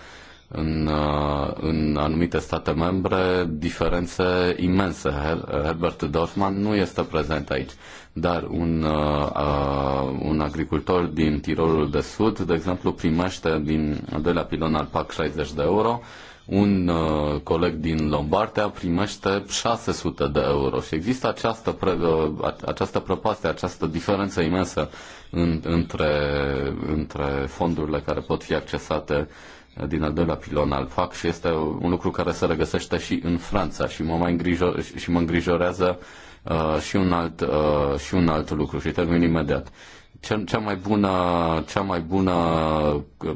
în, uh, în anumite state membre diferențe imense. Herbert Dorfman nu este prezent aici dar un, uh, un agricultor din Tirolul de Sud, de exemplu, primește din al doilea pilon al PAC 60 de euro, un uh, coleg din Lombardia primește 600 de euro și există această, pre, uh, această prăpastie, această diferență imensă în, între, între fondurile care pot fi accesate uh, din al doilea pilon al FAC și este un lucru care se regăsește și în Franța și mă, mai îngrijor, și mă îngrijorează uh, uh, și, un alt, uh, și un alt lucru și termin imediat. Cea, cea mai bună, cea mai bună, uh,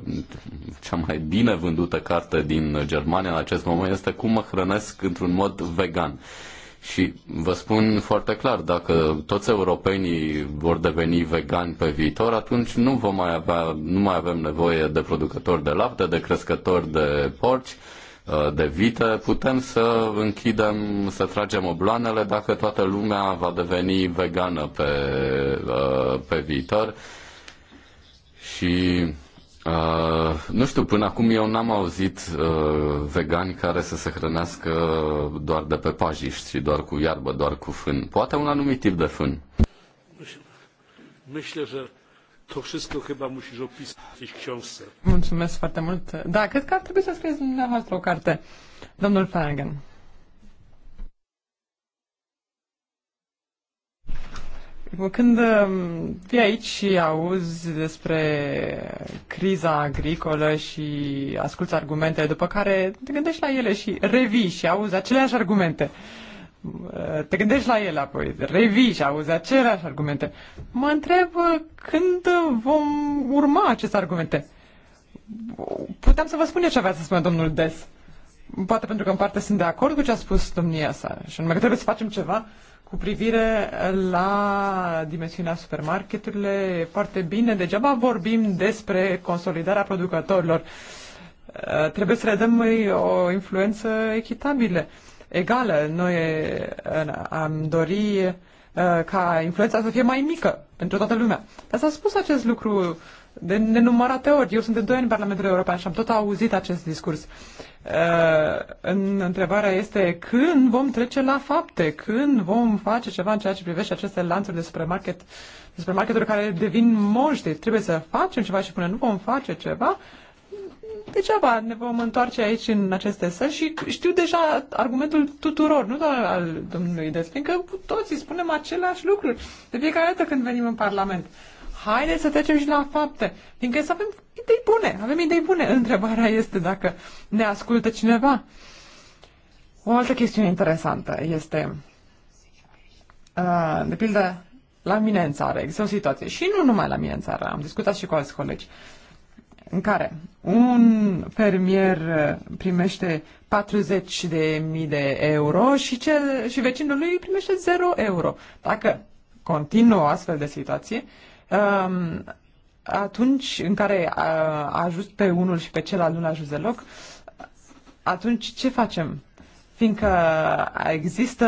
cea mai bine vândută carte din Germania în acest moment este cum mă hrănesc într-un mod vegan. Și vă spun foarte clar, dacă toți europenii vor deveni vegani pe viitor, atunci nu vom mai avea, nu mai avem nevoie de producători de lapte, de crescători de porci, Uh, de vite, putem să închidem, să tragem obloanele dacă toată lumea va deveni vegană pe, uh, pe viitor. Și uh, nu știu, până acum eu n-am auzit vegani care să se hrănească doar de pe pajiști și doar cu iarbă, doar cu fân. Poate un anumit tip de fân. Myślę, że To wszystko chyba musisz opisać w jakiejś książce. Mulțumesc foarte mult. Da, cred că ar trebui să scrieți dumneavoastră o carte. Domnul Flanagan. Când um, vii aici și auzi despre criza agricolă și asculți argumente, după care te gândești la ele și revii și auzi aceleași argumente, te gândești la ele apoi, revii și auzi aceleași argumente. Mă întreb uh, când uh, vom urma aceste argumente. Puteam să vă spun eu ce avea să spună domnul Des. Poate pentru că în parte sunt de acord cu ce a spus domnia sa, și numai că trebuie să facem ceva cu privire la dimensiunea supermarketurile, foarte bine, degeaba vorbim despre consolidarea producătorilor. Uh, trebuie să le dăm o influență echitabilă egală. Noi am dori ca influența să fie mai mică pentru toată lumea. Dar s-a spus acest lucru de nenumărate ori. Eu sunt de 2 ani în Parlamentul European și am tot auzit acest discurs. În întrebarea este când vom trece la fapte, când vom face ceva în ceea ce privește aceste lanțuri de supermarket, de supermarketuri care devin moști. Trebuie să facem ceva și până nu vom face ceva, degeaba ne vom întoarce aici în aceste sări și știu deja argumentul tuturor, nu doar al domnului Des, fiindcă toții spunem aceleași lucruri de fiecare dată când venim în Parlament. Haideți să trecem și la fapte, fiindcă să avem idei bune, avem idei bune. Întrebarea este dacă ne ascultă cineva. O altă chestiune interesantă este, uh, de pildă, la mine în țară există o situație și nu numai la mine în țară, am discutat și cu alți colegi în care un fermier uh, primește 40 de mii de euro și, cel, și vecinul lui primește 0 euro. Dacă continuă o astfel de situație, um, atunci în care uh, ajuns pe unul și pe celălalt nu-l ajuns deloc, atunci ce facem? Fiindcă există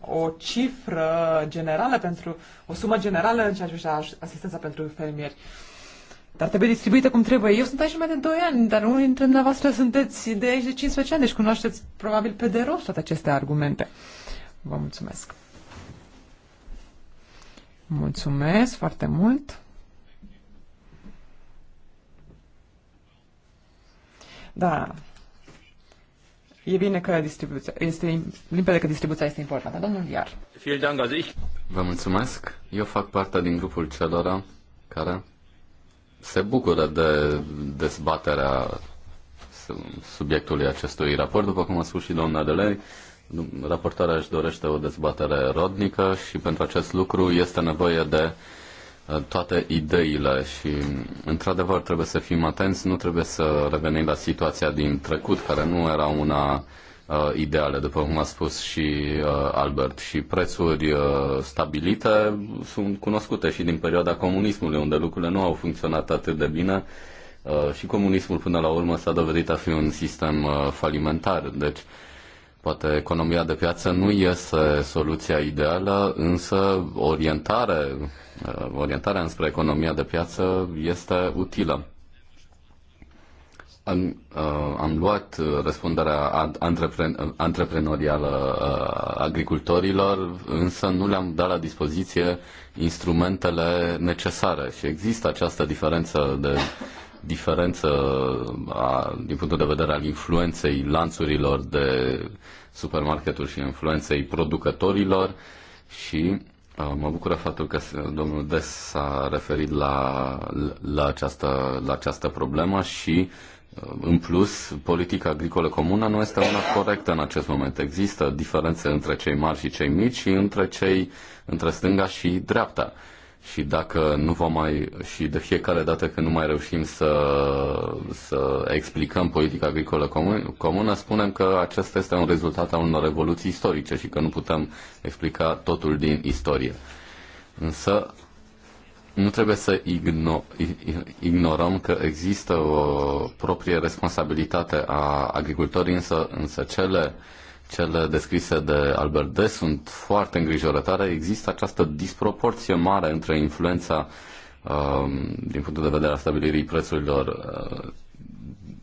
o cifră generală pentru, o sumă generală în ceea ce asistența pentru fermieri. Uh, dar trebuie distribuită cum trebuie. Eu sunt aici mai de 2 ani, dar unii dintre dumneavoastră sunteți de aici de 15 ani, deci cunoașteți probabil pe de rost toate aceste argumente. Vă mulțumesc. Mulțumesc foarte mult. Da. E bine că distribuția este limpede că distribuția este importantă. Domnul Iar. Vă mulțumesc. Eu fac parte din grupul celor care se bucură de dezbaterea subiectului acestui raport. După cum a spus și doamna Adelei, raportarea își dorește o dezbatere rodnică și pentru acest lucru este nevoie de eh, toate ideile și, într-adevăr, trebuie să fim atenți, nu trebuie să revenim la situația din trecut, care nu era una uh, ideale, după cum a spus și uh, Albert, și prețuri uh, stabilite sunt cunoscute și din perioada comunismului, unde lucrurile nu au funcționat atât de bine uh, și comunismul până la urmă s-a dovedit a fi un sistem uh, falimentar. Deci, poate economia de piață nu este soluția ideală, însă orientare, uh, orientarea înspre economia de piață este utilă. Am, uh, am luat uh, răspunderea antrepren- antreprenorială uh, agricultorilor, însă nu le-am dat la dispoziție instrumentele necesare și există această diferență de diferență a, din punctul de vedere al influenței lanțurilor de supermarketuri și influenței producătorilor și uh, Mă bucură faptul că domnul Des s-a referit la, la, această, la această problemă și în plus, politica agricolă comună nu este una corectă în acest moment. Există diferențe între cei mari și cei mici și între cei între stânga și dreapta. Și dacă nu vom mai și de fiecare dată când nu mai reușim să, să explicăm politica agricolă comună, spunem că acesta este un rezultat al unor revoluții istorice și că nu putem explica totul din istorie. Însă nu trebuie să igno- ignorăm că există o proprie responsabilitate a agricultorii, însă, însă cele, cele descrise de Albert D. sunt foarte îngrijorătoare. Există această disproporție mare între influența um, din punctul de vedere a stabilirii prețurilor uh,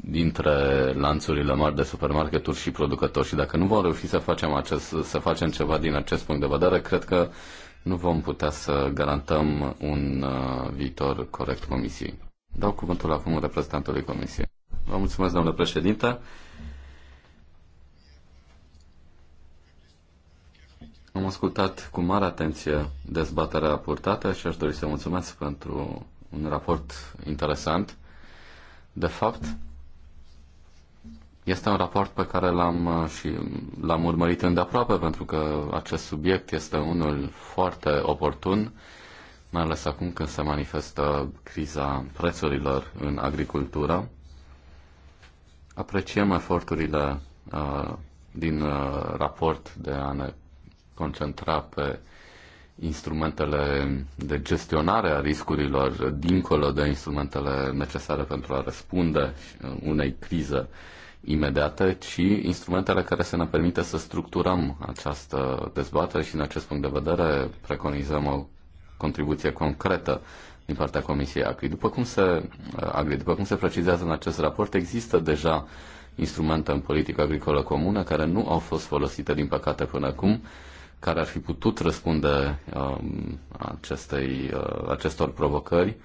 dintre lanțurile mari de supermarketuri și producători și dacă nu vom reuși să facem, acest, să facem ceva din acest punct de vedere, cred că nu vom putea să garantăm un uh, viitor corect Comisiei. Dau cuvântul acum reprezentantului Comisiei. Vă mulțumesc, domnule președinte. Am ascultat cu mare atenție dezbaterea purtată și aș dori să mulțumesc pentru un raport interesant. De fapt, este un raport pe care l-am uh, și l-am urmărit îndeaproape pentru că acest subiect este unul foarte oportun, mai ales acum când se manifestă criza prețurilor în agricultură. Apreciem eforturile uh, din uh, raport de a ne concentra pe instrumentele de gestionare a riscurilor dincolo de instrumentele necesare pentru a răspunde uh, unei crize uh, imediate, ci instrumentele care să ne permită să structurăm această dezbatere și, în acest punct de vedere, preconizăm o contribuție concretă din partea Comisiei ACRI. După cum se, uh, AGRI, după cum se precizează în acest raport, există deja instrumente în politică agricolă comună care nu au fost folosite, din păcate, până acum, care ar fi putut răspunde um, acestei, uh, acestor provocări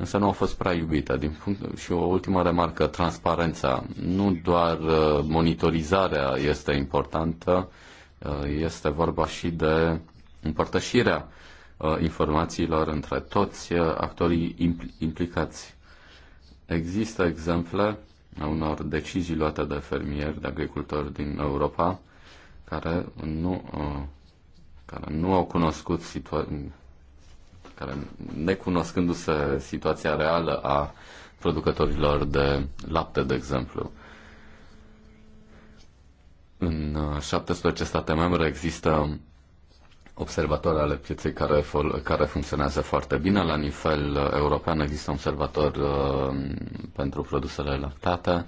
însă nu a fost prea iubită. Din punct, și o ultimă remarcă, transparența. Nu doar uh, monitorizarea este importantă, uh, este vorba și de împărtășirea uh, informațiilor între toți actorii impl- implicați. Există exemple a unor decizii luate de fermieri, de agricultori din Europa, care nu, care nu au cunoscut situa- care, necunoscându-se situația reală a producătorilor de lapte, de exemplu. În 17 uh, state membre există observatori ale pieței care, care funcționează foarte bine. La nivel uh, european există observator uh, pentru produsele lactate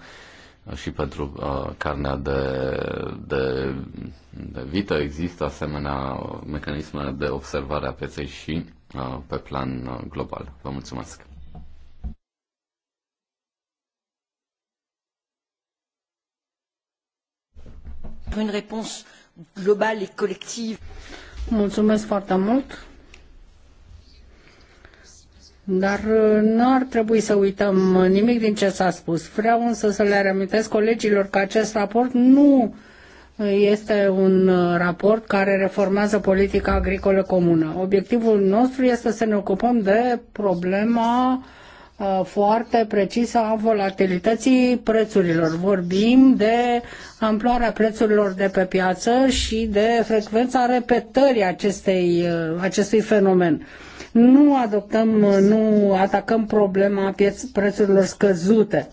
uh, și pentru uh, carnea de, de, de vită. Există asemenea mecanisme de observare a pieței și Uh, pe plan uh, global. Vă mulțumesc! Une réponse globale et collective. Mulțumesc foarte mult! Dar uh, nu ar trebui să uităm nimic din ce s-a spus. Vreau însă să le reamintesc colegilor că acest raport nu uh, este un uh, raport care reformează politica agricolă comună. Obiectivul nostru este să ne ocupăm de problema uh, foarte precisă a volatilității prețurilor. Vorbim de amploarea prețurilor de pe piață și de frecvența repetării acestei, uh, acestui fenomen. Nu adoptăm, nu atacăm problema prețurilor scăzute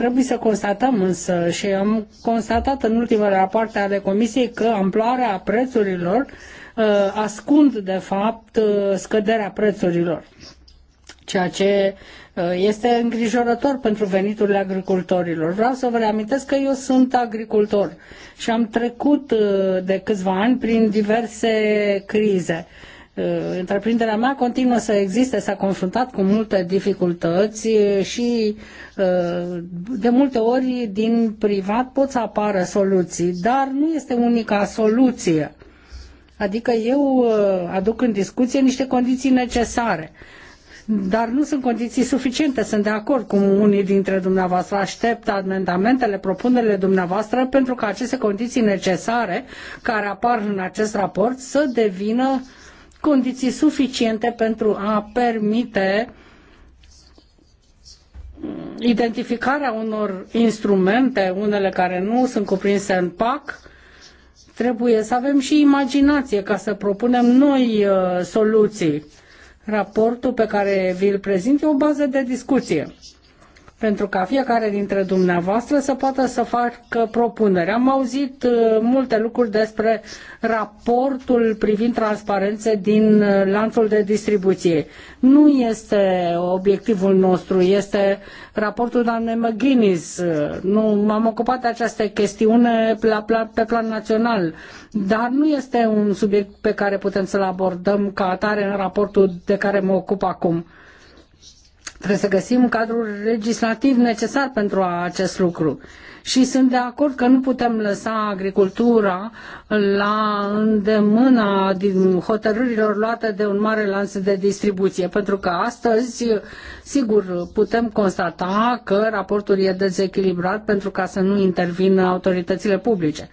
Trebuie să constatăm însă și am constatat în ultimele rapoarte ale Comisiei că amploarea prețurilor uh, ascund de fapt uh, scăderea prețurilor, ceea ce uh, este îngrijorător pentru veniturile agricultorilor. Vreau să vă reamintesc că eu sunt agricultor și am trecut uh, de câțiva ani prin diverse crize. Uh, Uh, întreprinderea mea continuă să existe, s-a confruntat cu multe dificultăți și uh, de multe ori din privat pot să apară soluții, dar nu este unica soluție. Adică eu uh, aduc în discuție niște condiții necesare dar nu sunt condiții suficiente. Sunt de acord cu unii dintre dumneavoastră. Aștept amendamentele, propunerile dumneavoastră pentru ca aceste condiții necesare care apar în acest raport să devină condiții suficiente pentru a permite identificarea unor instrumente, unele care nu sunt cuprinse în PAC, trebuie să avem și imaginație ca să propunem noi uh, soluții. Raportul pe care vi-l prezint e o bază de discuție pentru ca fiecare dintre dumneavoastră să poată să facă propuneri. Am auzit uh, multe lucruri despre raportul privind transparențe din uh, lanțul de distribuție. Nu este obiectivul nostru, este raportul doamnei McGuinness. Uh, nu m-am ocupat de această chestiune la, la, pe plan național, dar nu este un subiect pe care putem să-l abordăm ca atare în raportul de care mă ocup acum Trebuie să găsim cadrul legislativ necesar pentru acest lucru. Și sunt de acord că nu putem lăsa agricultura la îndemâna hotărârilor luate de un mare lanț de distribuție, pentru că astăzi, sigur, putem constata că raportul e dezechilibrat pentru ca să nu intervină autoritățile publice.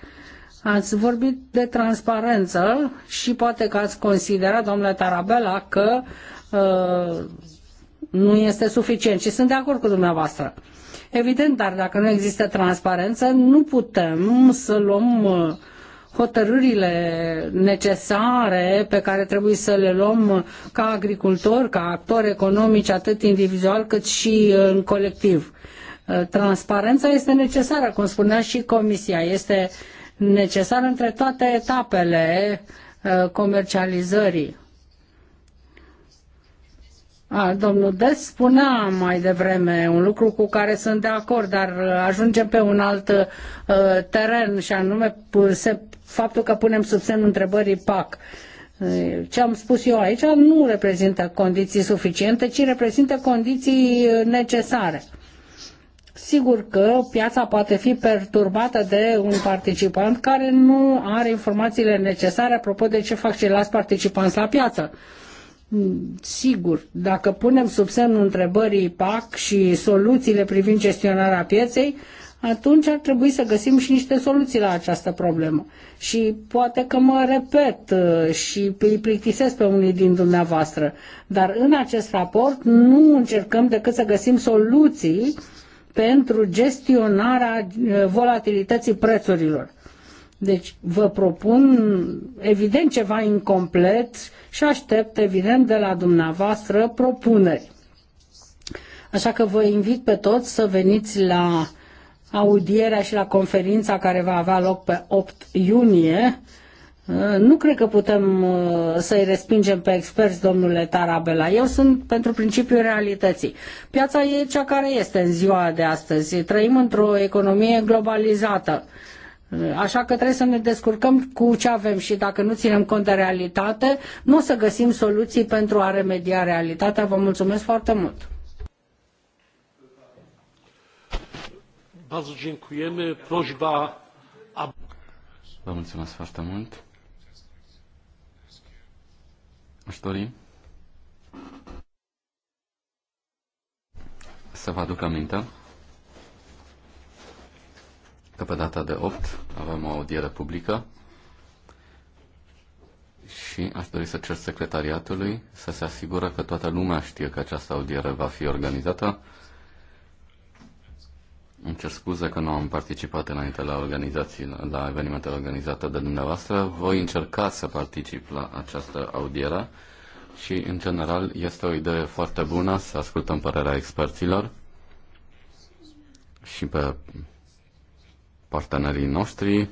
Ați vorbit de transparență și poate că ați considerat, domnule Tarabella, că uh, nu este suficient și sunt de acord cu dumneavoastră. Evident, dar dacă nu există transparență, nu putem să luăm uh, hotărârile necesare pe care trebuie să le luăm uh, ca agricultori, ca actori economici, atât individual cât și uh, în colectiv. Transparența este necesară, cum spunea și Comisia, este necesară între toate etapele comercializării a, domnul Des spunea mai devreme un lucru cu care sunt de acord, dar ajungem pe un alt uh, teren și anume se, faptul că punem sub semn întrebării PAC. Ce am spus eu aici nu reprezintă condiții suficiente, ci reprezintă condiții uh, necesare. Sigur că piața poate fi perturbată de un participant care nu are informațiile necesare apropo de ce fac ceilalți participanți la piață. Uh, Hmm, sigur, dacă punem sub semnul întrebării PAC și soluțiile privind gestionarea pieței, atunci ar trebui să găsim și niște soluții la această problemă. Și poate că mă repet uh, și îi plictisesc pe unii din dumneavoastră, dar în acest raport nu încercăm decât să găsim soluții pentru gestionarea uh, volatilității prețurilor. Deci vă propun evident ceva incomplet și aștept evident de la dumneavoastră propuneri. Așa că vă invit pe toți să veniți la audierea și la conferința care va avea loc pe 8 iunie. Uh, nu cred că putem uh, să-i respingem pe experți, domnule Tarabela. Eu sunt pentru principiul realității. Piața e cea care este în ziua de astăzi. Trăim într-o economie globalizată Așa că trebuie să ne descurcăm cu ce avem și dacă nu ținem cont de realitate, nu o să găsim soluții pentru a remedia realitatea. Vă mulțumesc foarte mult! Vă mulțumesc foarte mult! Aș dori să vă aduc aminte că pe data de 8 avem o audiere publică și aș dori să cer secretariatului să se asigură că toată lumea știe că această audiere va fi organizată. Îmi cer scuze că nu am participat înainte la, organizații, la evenimentele organizate de dumneavoastră. Voi încerca să particip la această audiere și, în general, este o idee foarte bună să ascultăm părerea experților și pe partenerii noștri, uh,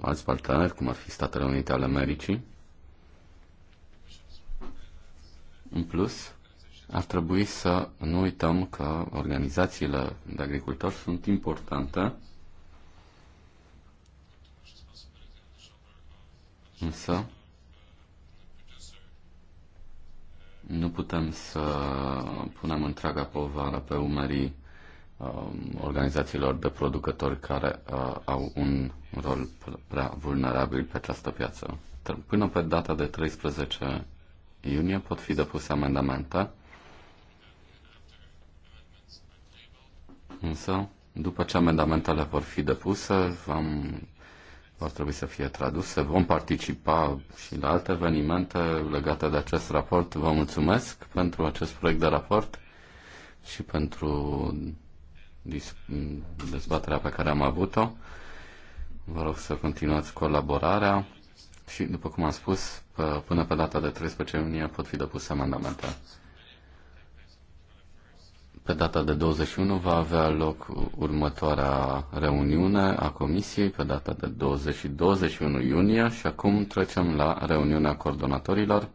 alți parteneri, cum ar fi Statele Unite ale Americii. În plus, ar trebui să nu uităm că organizațiile de agricultori sunt importante, însă nu putem să punem întreaga povară pe umerii Um, organizațiilor de producători care uh, au un rol prea vulnerabil pe această piață. Până pe data de 13 iunie pot fi depuse amendamente, însă după ce amendamentele vor fi depuse, vom, vor trebui să fie traduse, vom participa și la alte evenimente legate de acest raport. Vă mulțumesc pentru acest proiect de raport și pentru dezbaterea pe care am avut-o. Vă rog să continuați colaborarea și, după cum am spus, până pe data de 13 iunie pot fi depuse amendamente. Pe data de 21 va avea loc următoarea reuniune a Comisiei, pe data de 20 și 21 iunie și acum trecem la reuniunea coordonatorilor.